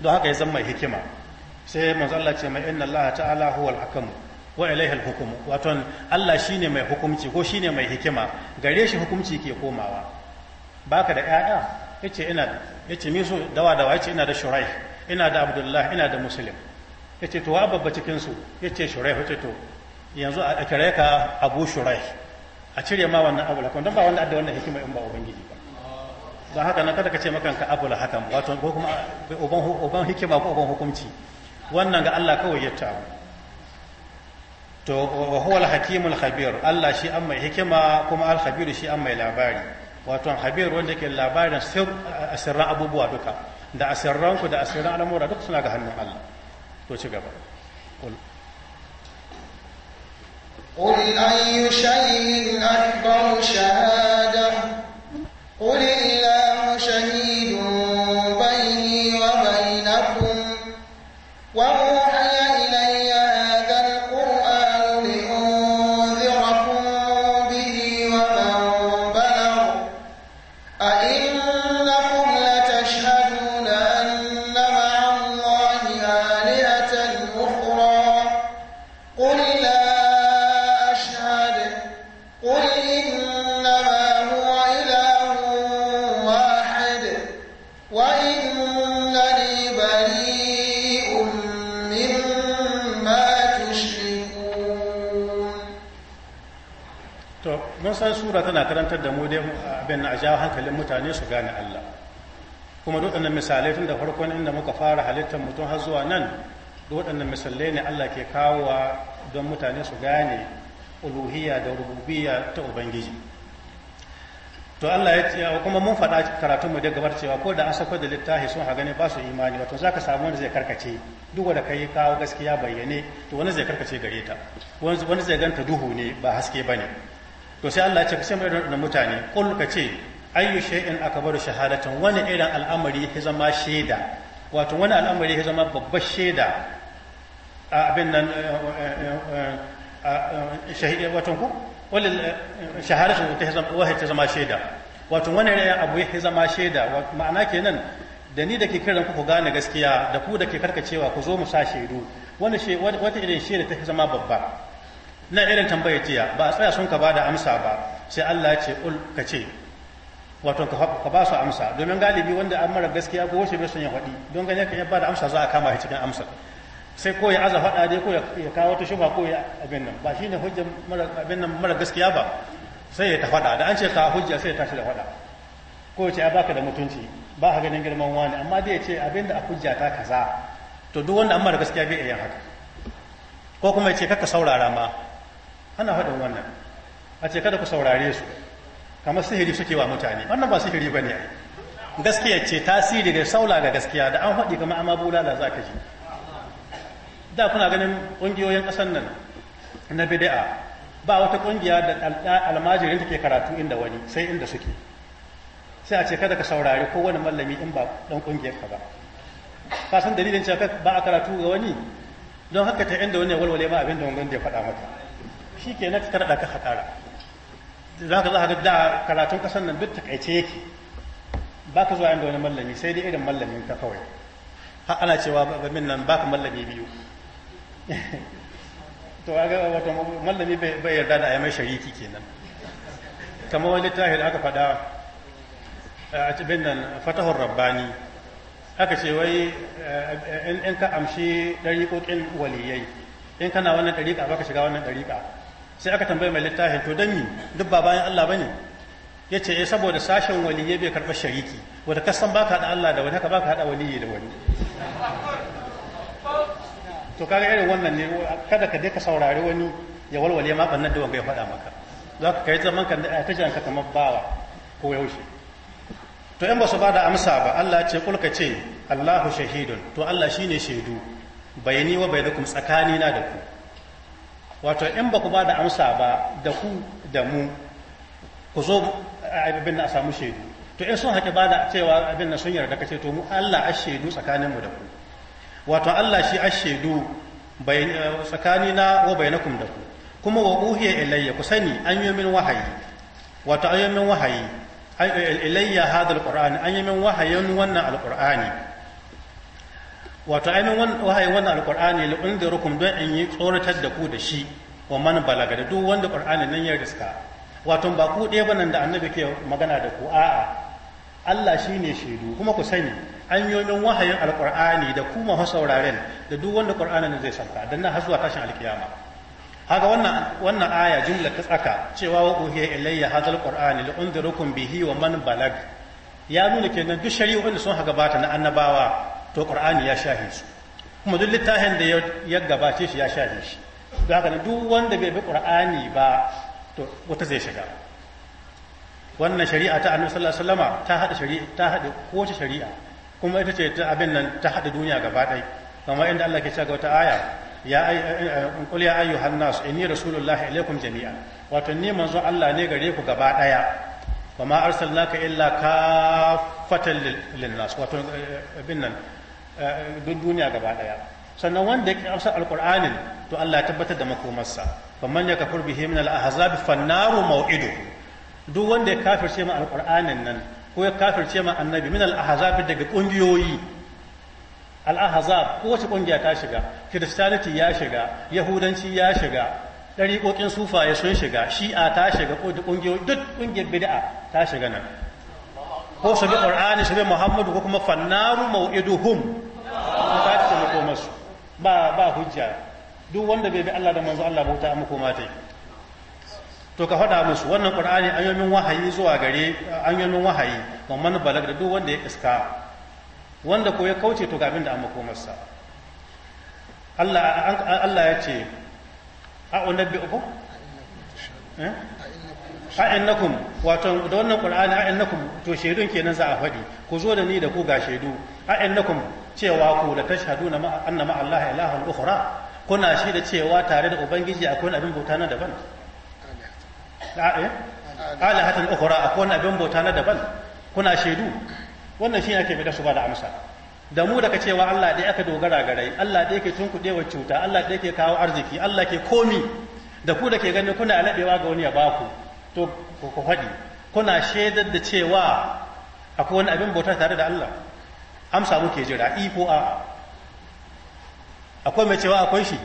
don haka ya zama hikima sai manzo Allah ce mai inna Allah ta'ala huwal hakamu wa ilaihal hukum wato Allah shine mai hukumci ko shine mai hikima gare shi hukumci ke komawa baka da ƴaƴa yace ina yace me so dawa dawa yace ina da shuraih ina da abdullah ina da muslim yace to wa babba cikin su yace shuraih yace to yanzu a kare ka abu shuraih a cire ma wannan abu lakon don ba wanda adda wannan hikima in ba ubangiji ba don haka nan kada ka ce makanka abu hakan wato ko kuma uban hikima ko uban hukumci wannan ga Allah kawai ya tawo to wa huwa al-hakim al-khabir Allah shi amma hikima kuma al-khabir shi amma labari wato khabir wanda yake labarin sir asirran abubuwa duka da asirran ku da asirran al'amura duk suna ga hannun Allah to ci gaba qul qul ayyu shay'in akbar shahada qul sura tana karantar da mu dai abin na a jawo hankalin mutane su gane Allah kuma duk misalai tun da farkon inda muka fara halittar mutum har zuwa nan duk waɗannan misalai ne Allah ke kawowa don mutane su gane uluhiyya da rububiyya ta ubangiji to Allah ya ce kuma mun faɗa karatun mu da gabar cewa ko da an sako da littafi sun hagane ba su imani wato zaka samu wanda zai karkace duk wanda kai kawo gaskiya bayyane to wani zai karkace gare ta wani zai ganta duhu ne ba haske bane to sai Allah ya ce ka sai mai da mutane qul ka ce ayyu shay'in akbaru shahadatan wani irin al'amari ya zama shaida wato wani al'amari ya zama babbar shaida a abin nan eh, eh, eh, shahidi wato ku wal shahadatu ta zama wahid ta zama shaida wato wani irin abu ya zama shaida ma'ana kenan da ni da ke kiran ku ku gane gaskiya da ku da ke karkacewa ku zo mu sa shaidu wani wata irin shaida ta zama babba na irin tambayar jiya ba a tsaya sun ka ba da amsa ba sai Allah ya ce ul ka ce wato ka ba su amsa domin galibi wanda an mara gaskiya ko wace bai son ya faɗi don ganin kan ya ba da amsa za a kama shi cikin amsa sai ko ya aza faɗa dai ko ya kawo ta shuba ko ya abin nan ba shine hujja abin nan mara gaskiya ba sai ya ta faɗa da an ce ka hujja sai ya tashi da faɗa ko ya ce ya baka da mutunci ba ka ganin girman wani amma dai ya ce abin da a hujja ta kaza to duk wanda an mara gaskiya bai iya haka ko kuma ya ce kaka saurara ma ana faɗin wannan a ce kada ku saurare su kamar sihiri suke wa mutane wannan ba sihiri ba ne gaskiya ce tasiri da saula ga gaskiya da an faɗi kamar amma da za ka ji da kuna ganin ƙungiyoyin ƙasar nan na bida'a ba wata ƙungiya da almajirin take karatu inda wani sai inda suke sai a ce kada ka saurari kowane mallami in ba ɗan ƙungiyar ka ba kasan dalilin cewa ba a karatu ga wani don haka ta inda wani walwale ba abin da wangan da ya faɗa mata. shi ke na ka da ka haƙara za ka zaka da karatun ƙasar nan duk takaice yake ba ka zuwa inda wani mallami sai dai irin mallamin ka kawai har ana cewa ba min nan ba ka mallami biyu to ga wato mallami bai yarda da a yi mai shariki kenan kamar wani tahir aka faɗa a cibin nan fatahun rabbani aka ce wai eh, in ka amshi ɗariƙoƙin waliyai in kana wannan ɗariƙa baka shiga wannan ɗariƙa sai aka tambaye mai littafin to don mi duk ba bayan Allah bane ya ce eh, saboda sashen ya bai karɓar shariki wata kasan baka haɗa Allah da wani haka baka haɗa waliyye da wani to kaga irin wannan ne kada ka dai ka saurari wani ya walwale ma bannan da wanga ya faɗa maka za ka kai zaman kan da ta janka kamar bawa ko yaushe to in ba su ba da amsa ba Allah ce kulka ce Allahu shahidun to Allah shine shaidu bayani wa bainakum tsakani na da ku wato in ba ku ba da amsa ba da ku da mu ku zo abin a samu shaidu to in sun haƙi ba da cewa abin na sun yarda kace to mu Allah a shaidu tsakanin mu da ku wato Allah shi a shaidu eh, tsakani na wa bainakum da ku kuma wa uhiya ilayya ku sani an yi min wahayi wato an yi min wahayi eh, ilayya hadal qur'ani an yi min wahayin wannan alqur'ani wato ainihin wahayin wannan alqur'ani li unzirukum don in yi tsoratar da ku da shi wa man balaga da duk wanda qur'ani nan ya riska wato ba ku ɗaya nan da annabi ke magana da ku a'a Allah shine shaidu kuma ku sani an yomin wahayin alqur'ani da kuma sauraren da duk wanda qur'anin zai sauka dan nan har zuwa tashin alkiyama haka wannan wannan aya jumla ta tsaka cewa wa uhiya ilayya hadha alqur'ani li unzirukum bihi wa man balag ya nuna kenan duk shari'o'in da sun haga bata na annabawa to qur'ani ya shahe su kuma duk littafin da ya gabace shi ya shahe shi don haka duk wanda bai bi qur'ani ba to wata zai shiga wannan shari'a ta annabi sallallahu alaihi wasallama ta hada shari'a ta hada kowace shari'a kuma ita ce ta abin nan ta hada duniya gaba ɗaya kamar inda Allah ke cewa wata aya ya qul ya ayyuhan nas inni rasulullahi ilaikum jami'a wato ni manzo Allah ne gare ku gaba ɗaya wa ma arsalnaka illa kafatan lin nas wato abin nan Eh, duk duniya gaba daya sannan wanda ya amsa alqur'anin to Allah ya tabbatar da makomarsa faman ya kafur bihi min al-ahzab fannaru maw'idu duk wanda ya kafirce ma alqur'anin nan ko ya kafirce ma annabi min al-ahzab daga kungiyoyi al-ahzab ko wace kungiya ta shiga Kiristaniti ya shiga yahudanci ya shiga ɗariƙoƙin sufaye sun shiga shi'a ta shiga ko da ƙungiyoyi duk ƙungiyar bid'a ta shiga nan ko su bi qur'ani su bi muhammadu ko kuma fannaru mau'iduhum ko ta ce mako masu ba ba hujja duk wanda bai bi Allah da manzo Allah bauta amma ko mate to ka faɗa musu wannan qur'ani an yomin wahayi zuwa gare an yomin wahayi mamman balag da duk wanda ya iska wanda ko ya kauce to ga abin da an makomarsa Allah Allah ya ce a eh a'innakum wato da wannan qur'ani a'innakum to shaidun kenan za a faɗi ku zo da ni da ku ga shaidu a'innakum cewa ku la tashhaduna ma anna ma Allah ilahan ukhra kuna shi da cewa tare da ubangiji akwai abin bauta na daban eh? alahatan ukhra akwai abin bauta na daban kuna shaidu wannan shi ake fita su ba da amsa da mu daga cewa Allah ɗaya aka dogara garai Allah ɗaya ke tunkuɗewa cuta Allah ɗaya ke kawo arziki Allah ke komi da ku da ke ganin kuna alaɓewa ga wani ya baku to ku faɗi kuna shaidar da cewa akwai wani abin bauta tare da Allah amsa muke jira i e ko a'a akwai mai cewa akwai shi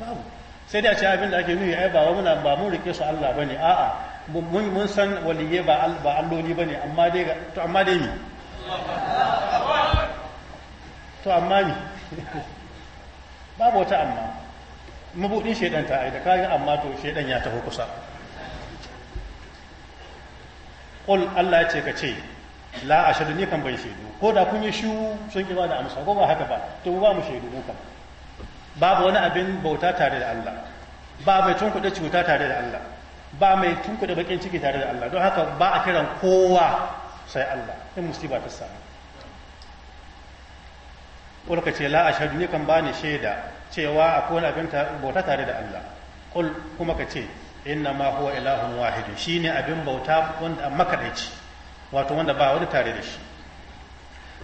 babu sai dai a ce abin da ake nuni ai ba muna ba mun rike su Allah bane a'a mun mun san waliye ba ba alloli bane amma dai to amma dai ni to amma ni babu wata amma mabudin shedan ta ai da amma to shedan ya taho kusa qul Allah ya ce ka ce la ashadu ni kan ban shaidu ko da kun yi shu sun ki da amsa ko ba haka ba to ba mu shaidu mu kan babu wani abin bauta tare da Allah ba mai tun kuɗe cuta tare da Allah ba mai tun kuɗe bakin ciki tare da Allah don haka ba a kiran kowa sai Allah in musiba ta samu ka ce la ashadu ni kan bani shaida cewa akwai wani abin bauta tare da Allah kuma ka ce inna ma huwa ilahun wahidu shine abin bauta wanda makadaici wato wanda ba wani tare da shi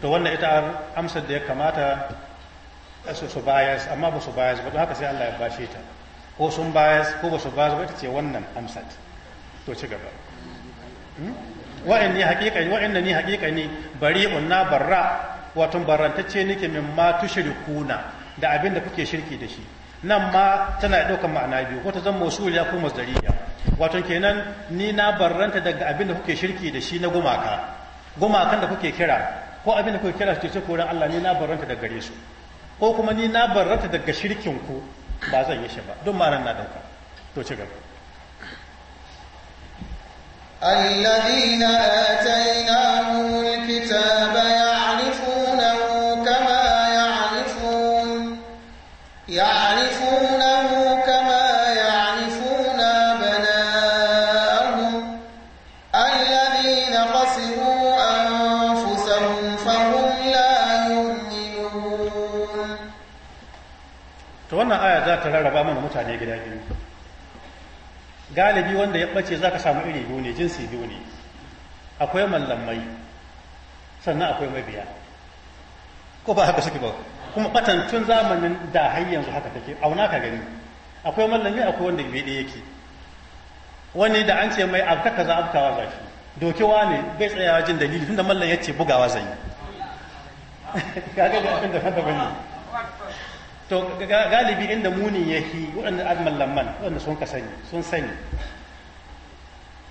to wannan ita amsar da ya kamata su su amma ba su bayas ba haka sai Allah ya bashe ta ko sun bayas ko ba su bayas ba ita ce wannan amsar to ci gaba hmm? wa'anni haqiqani ni haqiqani bari'un na barra wato barantacce nake min ma kuna da abin da kuke shirki da shi nan ma tana ɗaukar ma'ana biyu ko ta zan mausuliya ko dariya wato kenan ni na barranta daga abin da kuke shirki da shi na gumaka gumakan da kuke kira ko abin da kuke kira su ce koran Allah ni na barranta daga gare su ko kuma ni na barranta daga shirkin ku ba zan yi shi ba don nan na ɗauka to ci gaba الذين آتيناهم الكتاب ta rarraba mana mutane gida biyu galibi wanda ya ɓace za ka samu iri biyu ne jinsi biyu ne akwai mallamai sannan akwai mabiya ko ba haka suke ba kuma ɓatantun zamanin da har yanzu haka take auna ka gani akwai mallami akwai wanda bai ɗaya yake wani da an ce mai abta kaza abkawa za shi dokewa ne bai tsayawa jin dalili tunda mallan ya ce bugawa zai yi abin da bane to galibi inda munin yake waɗanda admallan lamman waɗanda sun ka sani sun sani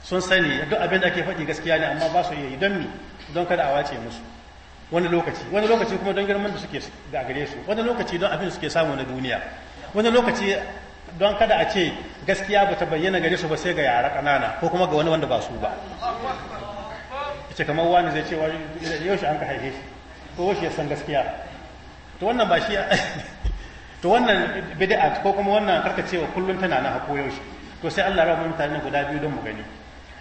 sun sani duk abin da ake faɗi gaskiya ne amma ba su iya yi don mi don kada a wace musu wani lokaci wani lokaci kuma don girman da suke da gare su wani lokaci don abin da suke samu na duniya wani lokaci don kada a ce gaskiya ba ta bayyana gare su ba sai ga yara ƙanana ko kuma ga wani wanda ba su ba ce kamar wani zai ce yau shi an ka haife shi ko shi ya san gaskiya to wannan ba shi to wannan bid'a ko kuma wannan karkacewa kullum tana na hako yaushe to sai Allah ya mutane guda biyu don mu gani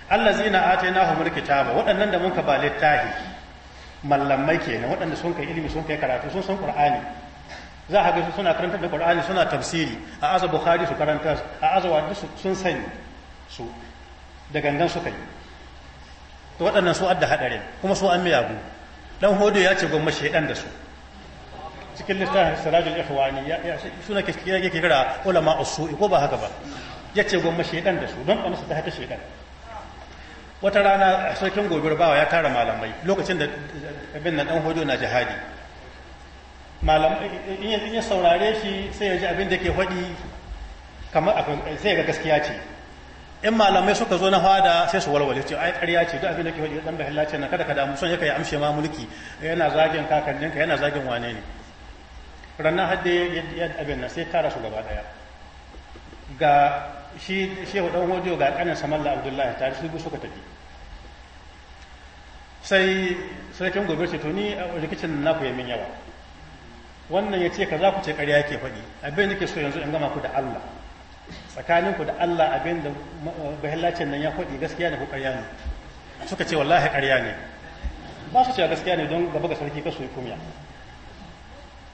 allazina atainahumul kitaba waɗannan da mun ka ba littafi mallamai kenan waɗanda sun kai ilimi sun kai karatu sun san qur'ani za a ga suna karanta da qur'ani suna tafsiri a azu bukhari su karanta a aza wadi sun sani su da gangan su yi to waɗannan su adda hadarin kuma su an miyagu dan hodo ya ce gwamma shedan da su cikin littafin sarajin ikhwani ya suna ke yake kira ulama usu'i ko ba haka ba yace gwamma shaidan da su don ba masa ta haka shaidan. wata rana sarkin gobir bawa ya tara malamai lokacin da abin nan dan hojo na jihadi malamai in ya saurare shi sai ya ji abin da ke faɗi kamar sai ga gaskiya ce in malamai suka zo na hada sai su walwale ce ai ƙarya ce duk abin da ke faɗi dan bahilla ce na kada ka damu son yake ya amshe ma mulki yana zagin ka yana zagin wane ne ranar Hadde ya abin nan sai tara su gaba daya ga shi shehu dan hojo ga kanin samalla abdullahi tare su suka tafi sai sarkin gobe ce to ni rikicin naku ya min yawa wannan ya ce ka za ku ce ƙarya ke faɗi abin da ke so yanzu in gama ku da Allah tsakanin ku da Allah abin da bahillacin nan ya faɗi gaskiya ne ko ƙarya ne suka ce wallahi ƙarya ne ba su ce gaskiya ne don gaba ga sarki kasu yi kumya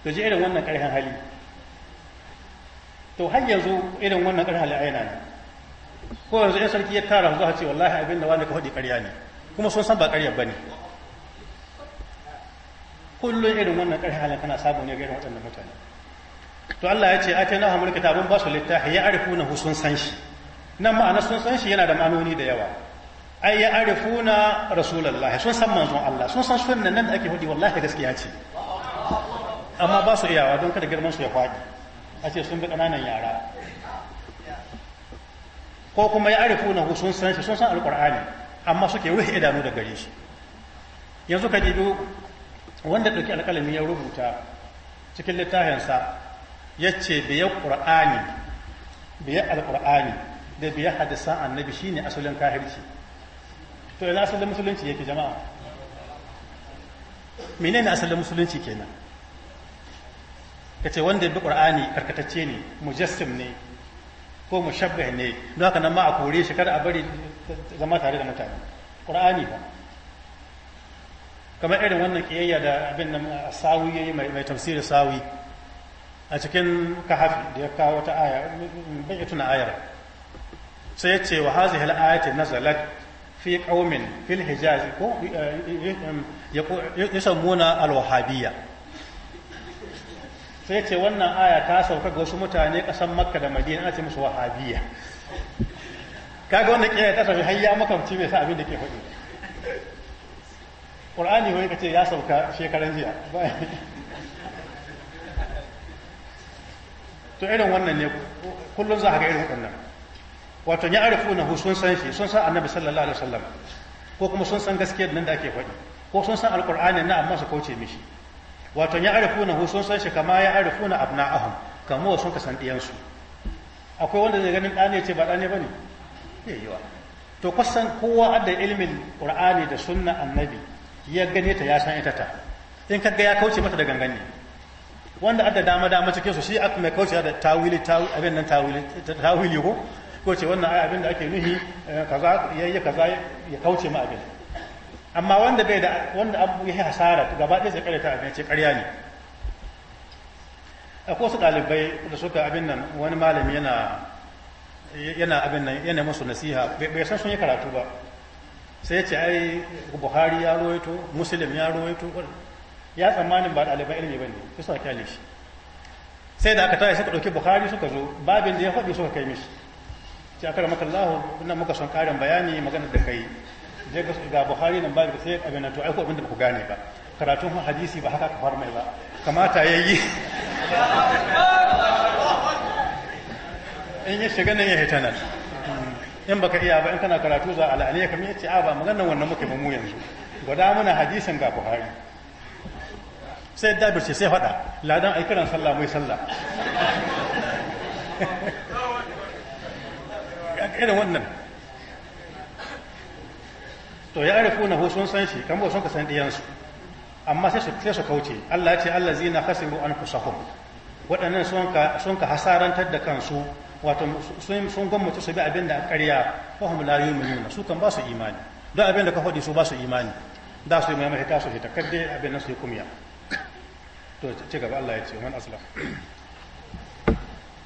to ji irin wannan ƙarfin hali to har yanzu irin wannan ƙarfin hali aina ne ko yanzu in sarki ya tara zuwa ce wallahi abin da wani ka faɗi ƙarya ne kuma sun san ba ƙarya ba ne kullum irin wannan ƙarfin hali kana samu ne ga irin waɗannan mutane to Allah ya ce a kai na hamurka ta abin ba su littafi ya arifu na sun san shi nan ma'ana sun san shi yana da ma'anoni da yawa ai ya arifuna rasulullahi sun san manzon Allah sun san sunnan nan da ake hudi wallahi gaskiya ce amma ba su iyawa don kada girman su ya kwaki a ce sun bi ƙananan yara ko kuma ya arifu na sun san shi sun san alƙur'ani amma suke wuce idanu da gare shi yanzu ka dibi wanda ɗauki alƙalami ya rubuta cikin littafinsa ya ce biyar ƙur'ani biyar alƙur'ani da biyar hadisan annabi shine asalin kahirci to ina asalin musulunci yake jama'a menene asalin musulunci kenan ka ce wanda bi ƙur'ani karkatacce ne mujassim ne ko mushabbih ne don haka nan ma a kore shi kada a bari zama tare da mutane ƙur'ani ba kamar irin wannan kiyayya da abin nan sawi yayi mai mai tafsirin sawi a cikin kahafi da ya kawo ta aya bai tuna ayar sai ya ce wa hazihi al-ayati nazalat fi qaumin fil hijaz ko eh, eh, eh, yasammuna al-wahabiyya sai ce wannan aya ta sauka ga wasu mutane kasan makka da madina ana ce musu wahabiya kaga wannan kiyaya ta tafi har ya makamci mai sa abin da ke faɗi qur'ani ka ce ya sauka shekaran jiya to irin wannan ne kullum za a ga irin waɗannan wato ya arifu na sun san shi sun san annabi sallallahu alaihi wasallam ko kuma sun san gaskiyar nan da ake faɗi ko sun san alqur'ani na amma su kauce mishi wato ya arifu na sun san shi kama ya arifuna abna'ahum kamo sun ka san akwai wanda zai ganin ɗane ce ba ɗane ba ne yayiwa to kusan kowa adda ilimin ƙur'ani da sunna annabi ya gane ta ya san ita ta in kaga ya kauce mata da gangan ne wanda adda dama dama cikin su shi aka mai kauce da tawili abin nan tawili tawili ko ko ce wannan ai abin da ake nuhi eh, kaza yayya kaza ya kauce ma abin amma wanda bai da wanda abu ya hasara gaba ɗaya sai karyata abin ce karya ne akwai wasu ɗalibai da suka abin nan wani malami yana yana abin nan yana musu nasiha bai san sun yi karatu ba sai ya ce ai buhari ya rawaito muslim ya rawaito ya tsammanin ba ɗaliban ilimi ba ne kusa kyale shi sai da aka tare suka ɗauki buhari suka zo babin da ya faɗi suka kai mishi ce a kara maka muka son ƙarin bayani magana da kai je ga ga Buhari nan babu sai abin nan to ai abin da ku gane ba karatun hadisi ba haka ka fara mai ba kamata yayi in ya shiga nan ya hita nan in baka iya ba in kana karatu za al'aliya kamar yace a ba maganar wannan muke ba mu yanzu gwada mana hadisin ga Buhari sai dabir ce sai faɗa ladan a kiran sallah mai sallah irin wannan to ya arifu na sun san shi kan sun ka san diyansu amma sai su sai su kauce Allah ya ce allazina an anfusahum waɗannan sun ka sun ka hasarantar da kansu wato sun sun gwamnati su bi abin da ƙarya fa hum la yu'minuna su kan ba su imani don abin da ka faɗi su ba su imani da su mai mahita su hita kadde abin nan su kumya to ci gaba Allah ya ce man aslam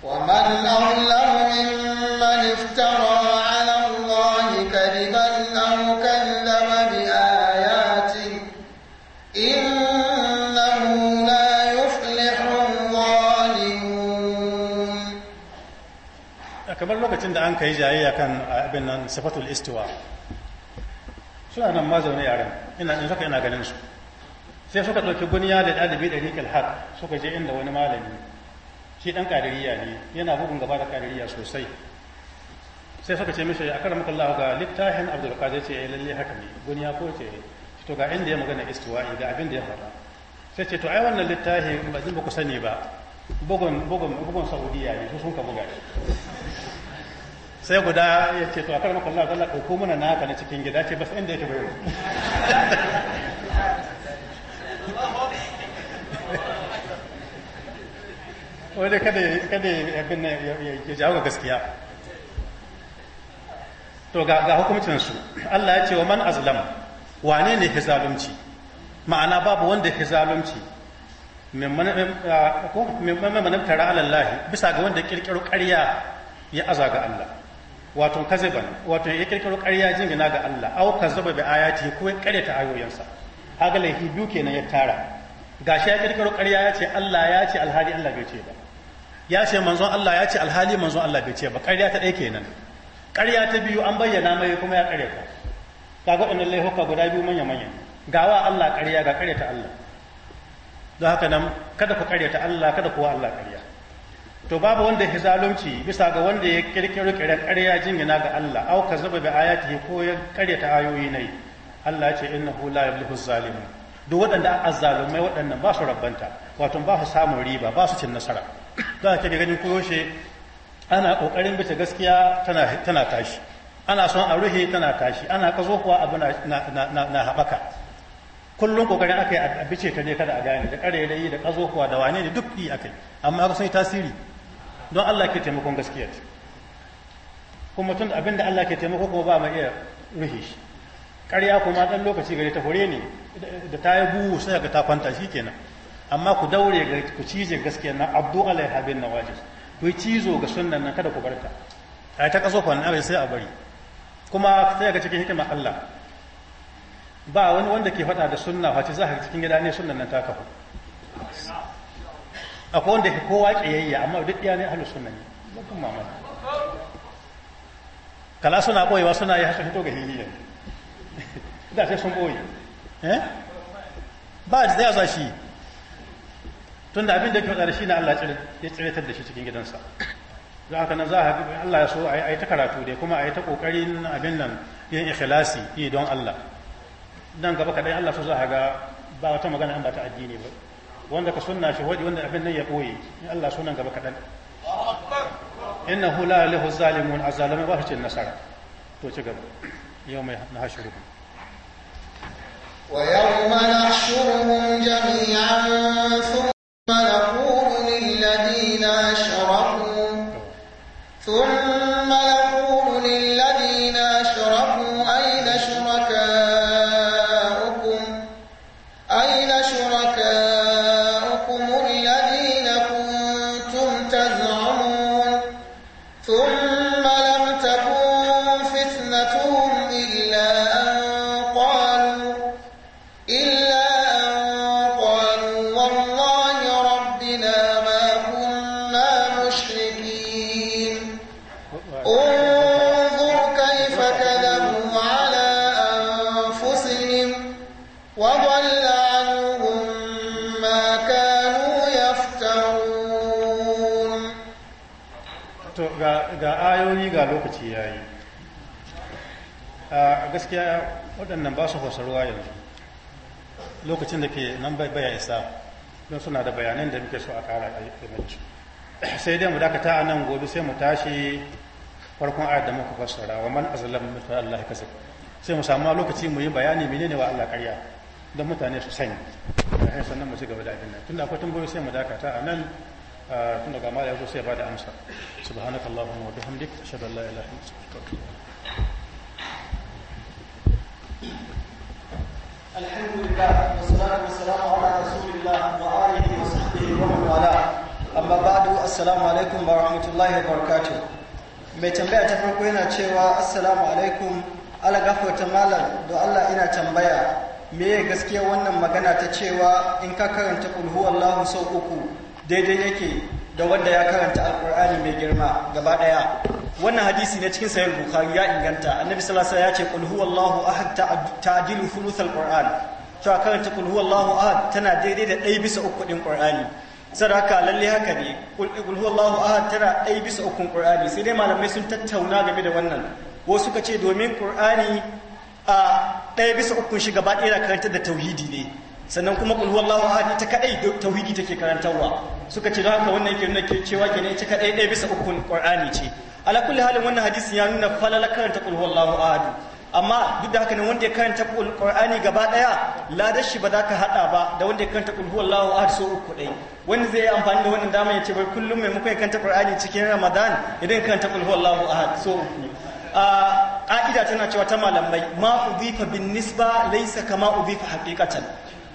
ومن أظلم ممن افترى lokacin da an kai jayayya kan abin nan sifatul istiwa suna nan ma zaune yaren ina in suka ina ganin su sai suka ɗauki guniya da ɗalibi da rikal haq suka je inda wani malami shi ɗan ƙadiriya ne yana bugun gaba da ƙadiriya sosai sai suka ce mishi a karamar kallahu ga littafin qadir ce ya eh, lalle haka ne guniya ko ce to ga inda ya magana istiwa ga abin da ya faɗa sai ce to ai wannan littafi ba ku sani ba bugun bugun bugun saudiya ne su sun ka buga shi sai guda ya ce to a kar maka Allah zalla ɗauko mana haka na cikin gida ce bas inda yake bayo wadda kada kada abin ya jawo ga gaskiya to ga hukumcinsu, Allah ya ce wa man azlam wane ne hizalumci ma'ana babu wanda hizalumci mai ah, tara alallahi bisa ga wanda ƙirƙiru ƙarya ya aza ga Allah wato kaziban wato ya kirkiro ƙarya jingina ga Allah au kazaba bi ayati ko ya ta ayoyinsa kaga laifi biyu kenan ya tara gashi ya kirkiro ƙarya ya ce Allah ya ce alhali Allah bai ce ba ya ce manzon Allah ya ce alhali manzon Allah bai ce ba ƙarya ta ɗaya kenan ƙarya ta biyu an bayyana mai kuma ya ƙaryata kaga wannan laifuka guda biyu manya manya gawa Allah ƙarya ga ƙaryata Allah don haka nan kada ku ƙaryata Allah kada kuwa Allah ƙarya to babu wanda ya zalunci bisa ga wanda ya kirkiro kiran ƙarya jingina ga Allah au ka zuba bi ayatihi ko ya ta ayoyi ne Allah ya ce innahu la yablihu zalim duk waɗanda azzalumai waɗannan ba su rabbanta wato ba su samun riba ba su cin nasara za ka ganin koyoshe ana kokarin bita gaskiya tana tana tashi ana son a ruhe tana tashi ana kazo kuwa abu na na haɓaka kullum kokarin akai a bice ta ne kada a gane da ƙare da yi da kazo kuwa da wane ne duk yi aka amma ka sani yi tasiri don Allah ke taimakon gaskiya kuma tun abin da Allah ke taimako kuma ba mai iya ruhi. shi ƙarya kuma ɗan lokaci gari ta hore ne da ta yi buhu sai ga ta kwanta shi kenan amma ku daure ku cije gaskiya na abdu habin bin nawajis ku yi cizo ga sunan nan kada ku barta a ta kaso kwanan abin sai a bari kuma sai ga cikin hikimar Allah ba wani wanda ke faɗa da sunna wace zahar cikin gida ne sunan nan ta kafa? akwai wanda ke kowa tsayayya amma duk ɗiya ne ahlus sunna ne mutum mamaki kala suna ɓoyewa suna yi hasa toga ga da sai sun ɓoye eh? ba a ji zashi. za shi tun da abin da ke faɗa shi na Allah ya tsiritar da shi cikin gidansa za haka nan za a haɗu Allah ya so a yi ta karatu dai kuma a yi ta ƙoƙarin abin nan yin ikhlasi yi don Allah nan gaba kaɗai Allah so za a ga ba wata magana an ba ta addini ba وانا كسنة شهودي وانا ابن نية قوي الله سنة قبل كتل إنه لا له الظالمون عزالة من وحش النصر تو تقب يوم نحشرهم ويوم نحشرهم جميعا ثم نقول a gaskiya waɗannan ba su hosarwa yanzu lokacin da ke nan bai baya isa don suna da bayanan da muke so a ƙara a sai dai mu dakata a nan gobe sai mu tashi farkon ayat da muka fassara wa man azlam mutu Allah kasab sai mu samu lokaci mu yi bayani menene wa Allah ƙarya don mutane su sani eh, sannan mu ci gaba da abin nan tunda akwai tambayoyi sai mu dakata a nan eh, tunda ga mala ya zo sai ba da amsa subhanakallahumma wa bihamdik ashhadu an la ilaha illa anta astaghfiruka الحمد لله والصلاة والسلام wa رسول mai tambaya ta farko yana cewa assalamu alaikum ala gafarta malam da Allah ina tambaya me ya gaskiya wannan magana ta cewa in ka karanta kulhu Allahu sau uku daidai yake da wanda ya karanta alkur'ani mai girma gaba daya wannan hadisi ne cikin sahih bukari ya inganta annabi sallallahu ya ce qul huwallahu ahad ta'dilu thuluthal qur'an cewa karanta qul huwallahu ahad tana daidai da ɗaya bisa uku din qur'ani sadaka lalle haka ne qul huwallahu ahad tana ɗaya bisa uku qur'ani sai dai malamai sun tattauna game da wannan wasu suka ce domin qur'ani a ɗaya bisa uku shi gaba ɗaya karanta da tauhidi ne sannan kuma qul huwallahu ahad ita kaɗai tauhidi take karantarwa suka ce haka wannan yake nuna cewa kenan ita kadai ɗaya bisa uku qur'ani ce ala kulli halin wannan hadisin ya nuna falala karanta qul huwallahu ahad amma duk da haka ne wanda ya karanta qur'ani gaba daya ladar shi ba za ka hada ba da wanda ya karanta qul huwallahu ahad so uku dai wanda zai yi amfani da wannan dama ya ce bai kullum mai muka karanta qur'ani cikin ramadan idan karanta qul huwallahu ahad so uku a ka'ida tana cewa ta malamai ma udhifa bin nisba laysa kama udhifa haqiqatan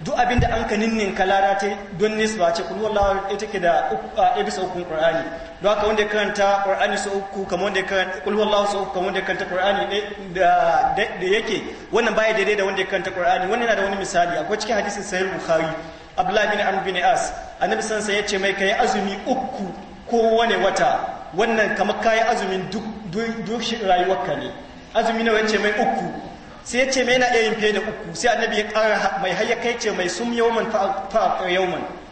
duk abin da an ka nin kalara ta don nisba ce kulwar lawa ita ke da ibsa ukun ƙwar'ani don haka wanda ya karanta ƙwar'ani su uku kamar wanda ya karanta kulwar lawa su uku kamar wanda ya karanta qur'ani eh, da yake wannan baya daidai da wanda ya karanta qur'ani wannan yana da wani misali akwai cikin hadisin sahih bukhari abdullahi bin amr bin as annabi sai ya ce mai kai azumi uku ko wani wata wannan kamar kayan azumin duk rayuwarka ne azumi nawa ya ce mai uku sai ya ce mai na iya yin fiye da uku sai annabi ya ƙara mai haya kai ce mai sum yawman fa ka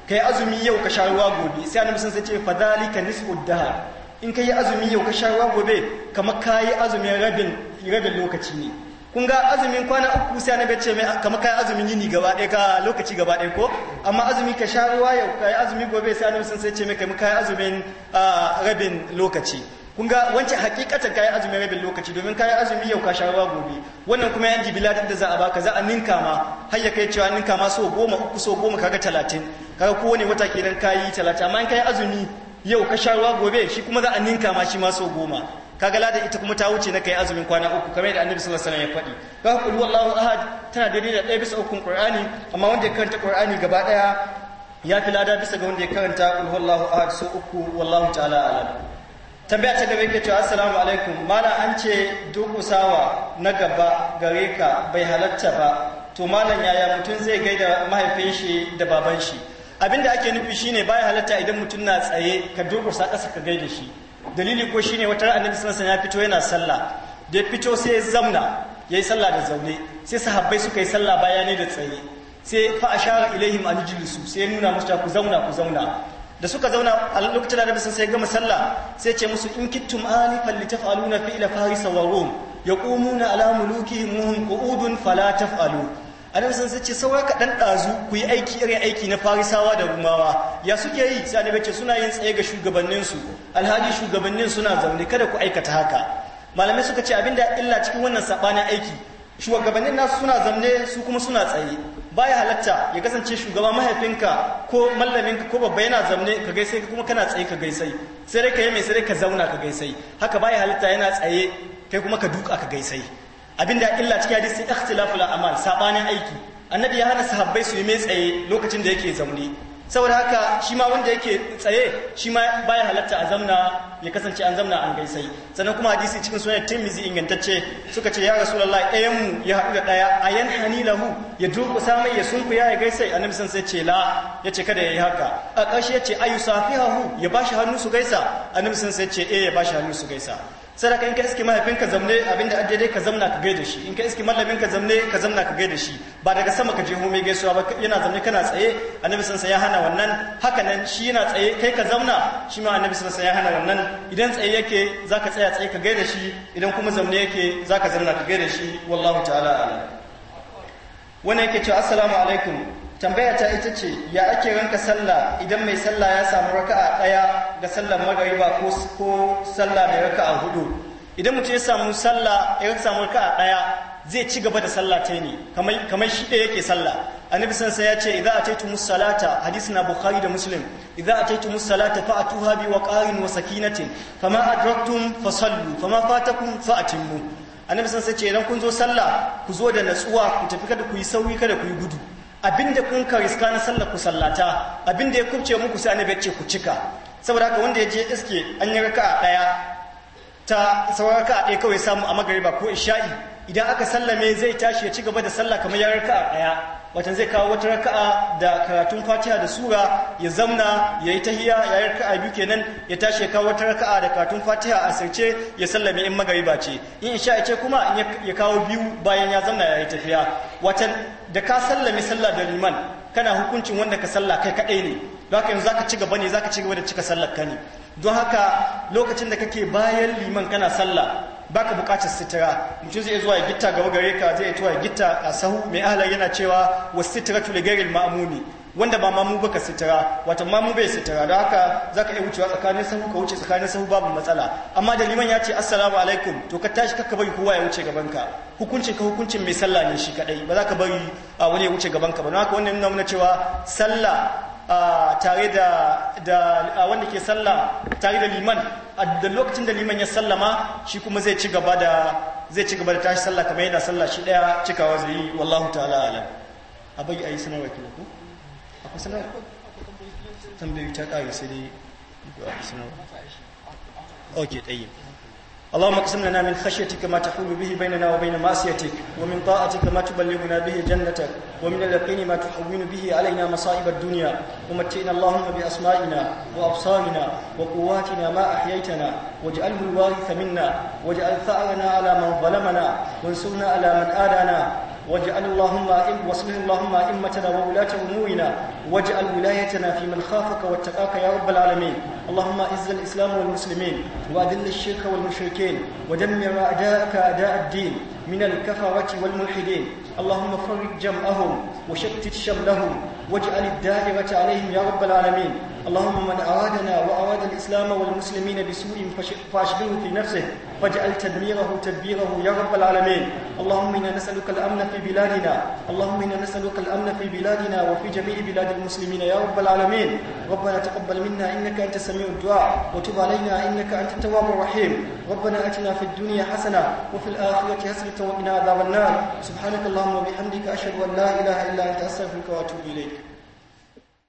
kai azumi yau ka sharuwa gobe sai annabi sun ce fadali ka nisfu dahar in ka yi azumi yau ka sharuwa gobe kama kai azumi rabin rabin lokaci ne kun ga azumin kwana uku sai annabi ce mai ka kai azumin yini gaba ɗaya ka lokaci gaba ɗaya ko amma azumi ka sharuwa yau ka yi azumi gobe sai annabi sun ce mai ka kai azumin ah, rabin lokaci kun ga wancan hakikatan kayan azumi rabin lokaci domin kayan azumi yau ka sha ruwa gobe wannan kuma yan jibila da za a baka za a ninka ma har ya kai cewa ninka ma so goma uku so goma kaga talatin kaga kowane wata kenan kayi talatin amma in kayan azumi yau ka sha ruwa gobe shi kuma za a ninka ma shi ma so goma kaga ladan ita kuma ta wuce na kai azumin kwana uku kamar yadda annabi sallallahu alaihi wasallam ya faɗi kaga kullu wallahu ahad tana daidai da ɗaya bisa ukun qur'ani amma wanda ya karanta qur'ani gaba daya ya fi lada bisa ga wanda ya karanta kullu wallahu ahad so uku wallahu ta'ala alam tambaya ta gaba ke cewa assalamu alaikum mala an ce dokosawa na gaba gare ka bai halatta ba to malam yaya mutum zai gaida mahaifin shi da baban shi da ake nufi shine baya halatta idan mutum na tsaye ka durkusa ƙasa ka gaida shi dalili ko shine wata annabi sallallahu alaihi ya fito yana sallah da fito sai ya zamna yayi sallah da zaune sai sahabbai suka yi sallah bayani da tsaye sai fa ashara ilaihim an sai nuna musu ku zauna ku zauna da suka zauna a lokacin da sun sai gama sallah sai ce musu in kittum alifan taf'aluna fi ila faris wa rum yaqumuna ala mulukihim hum qu'udun fala taf'alu annabi sun ce saura ka dan dazu ku yi aiki irin aiki na farisawa da rumawa ya suke yi sai annabi ce suna yin tsaye ga shugabannin su alhaji shugabannin suna zaune kada ku aikata haka malamai suka ce abinda illa cikin wannan sabanin aiki shugabannin nasu suna zaune su kuma suna tsaye baya halatta ya kasance shugaba mahaifinka ko mallaminka ko babba yana zaune ka gaisai kuma kana tsaye ka gaisai sai dai ka yi mai sai dai ka zauna ka gaisai haka baya halatta yana tsaye kai kuma ka duka ka gaisai abinda illa cikin hadisi ikhtilaful a'mal sabanin aiki annabi ya hana sahabbai su yi mai tsaye lokacin da yake zaune saboda haka shi ma wanda yake tsaye shi ma baya halatta a zamna ya kasance an zamna an gaisai sannan kuma hadisi cikin sunan timizi ingantacce suka ce ya rasulullah ayyan mu ya hadu da ɗaya a yan hanilahu ya duku samai ya sunkuya ya gaisai annabi san sai ce la ya ce kada ya yi haka a ƙarshe ya ce ayu safihahu ya bashi hannu su gaisa annabi san sai ce eh ya bashi hannu su gaisa sadaka in ka iske mahaifinka zamne abinda ajiye daidai ka zamna ka gaida shi in ka iske mallamin ka zamne ka zamna ka gaida shi ba daga sama ka je mai gaisuwa ba yana zamne kana tsaye annabi sansa ya hana wannan haka shi yana tsaye kai ka zamna shi ma annabi sansa ya hana wannan idan tsaye yake zaka tsaya tsaye ka gaida shi idan kuma zamne yake zaka zamna ka gaida shi wallahu ta'ala alam Wani yake cewa assalamu alaikum tambaya ta ita ce ya ake ranka sallah idan mai sallah ya samu raka'a ɗaya ga sallar magariba ko ko sallah mai raka'a hudu idan mutum ya samu sallah ya samu raka'a ɗaya zai ci gaba da sallah ta ne kamar kamar shi ɗaya yake sallah annabi sansa ya ce idza taitu musalata hadisi na bukari da muslim idza ataytumus fa fa'tuha bi waqarin wa sakinatin fama adraktum fasallu fama fatakum fa'timmu annabi san ce idan kun zo sallah ku zo da natsuwa ku tafi kada ku yi sauri kada ku yi gudu abinda kun ka riska na sallar ku sallata abinda ya kubce muku sai annabi ce ku cika saboda haka wanda ya je iske an yi raka'a ɗaya ta sauran raka'a daya kawai samu a magariba ko isha'i idan aka sallame zai tashi ya ci gaba da sallah kamar ya raka'a daya watan zai kawo wata raka'a da karatun fatiha da sura ya zamna ya yi tahiya ya yi raka'a biyu kenan ya tashi ya kawo wata raka'a da karatun fatiha a sirce ya sallame in magariba ce in isha ce kuma ya kawo biyu bayan ya zamna ya yi tahiya watan da ka sallame sallah da liman kana hukuncin wanda ka sallah kai kadai ne don haka yanzu zaka ci gaba ne zaka ci gaba da cika sallar ka ne don haka lokacin da kake bayan liman kana sallah Ba ka bukatar sitira mutum zai zuwa ya gita gaba gare ka zai tuwa ya gitta a sahu mai ahalar yana cewa wa sitira tu ghairil ma'amuni wanda ba mamu baka sitira wata mamu bai sitira don haka za ka iya wucewa tsakanin sahu ka wuce tsakanin sahu babu matsala amma da liman ya ce assalamu alaikum to ka tashi kakka bari kowa ya wuce gaban ka hukuncin ka hukuncin mai sallah ne shi kadai ba za ka bari wani ya wuce gaban ka ba don haka wannan nuna mana cewa sallah tare da wanda ke sallah tare da liman da lokacin da liman ya sallama shi kuma zai ci gaba da zai ci gaba da tashi sallah kamar yana sallah shi daya cikawa zai yi wallahu ta'ala alam a bai ayi sanarwa kina ko akwai sanarwa tambayi ta kare sai dai sanarwa okay tayyib اللهم اقسم لنا من خشيتك ما تحول به بيننا وبين معصيتك ومن طاعتك ما تبلغنا به جنتك ومن اليقين ما تحول به علينا مصائب الدنيا ومتئنا اللهم بأسمائنا وأبصارنا وقواتنا ما أحييتنا واجعله الوارث منا واجعل ثأرنا على من ظلمنا وانصرنا على من آذانا واجعل اللهم واصلح اللهم ائمتنا وولاة امورنا واجعل ولايتنا في من خافك واتقاك يا رب العالمين اللهم اعز الاسلام والمسلمين واذل الشرك والمشركين ودمر اعداءك اعداء الدين من الكفرة والملحدين اللهم فرج جمعهم وشتت شملهم واجعل الدائرة عليهم يا رب العالمين اللهم من أرادنا وأراد الإسلام والمسلمين بسوء فأشغله في نفسه فاجعل تدميره تدبيره يا رب العالمين اللهم إنا نسألك الأمن في بلادنا اللهم إنا نسألك الأمن في بلادنا وفي جميع بلاد المسلمين يا رب العالمين ربنا تقبل منا إنك أنت سميع الدعاء وتب علينا إنك أنت التواب الرحيم ربنا أتنا في الدنيا حسنة وفي الآخرة حسنة وقنا عذاب النار سبحانك اللهم وبحمدك أشهد أن لا إله إلا أنت أستغفرك وأتوب إليك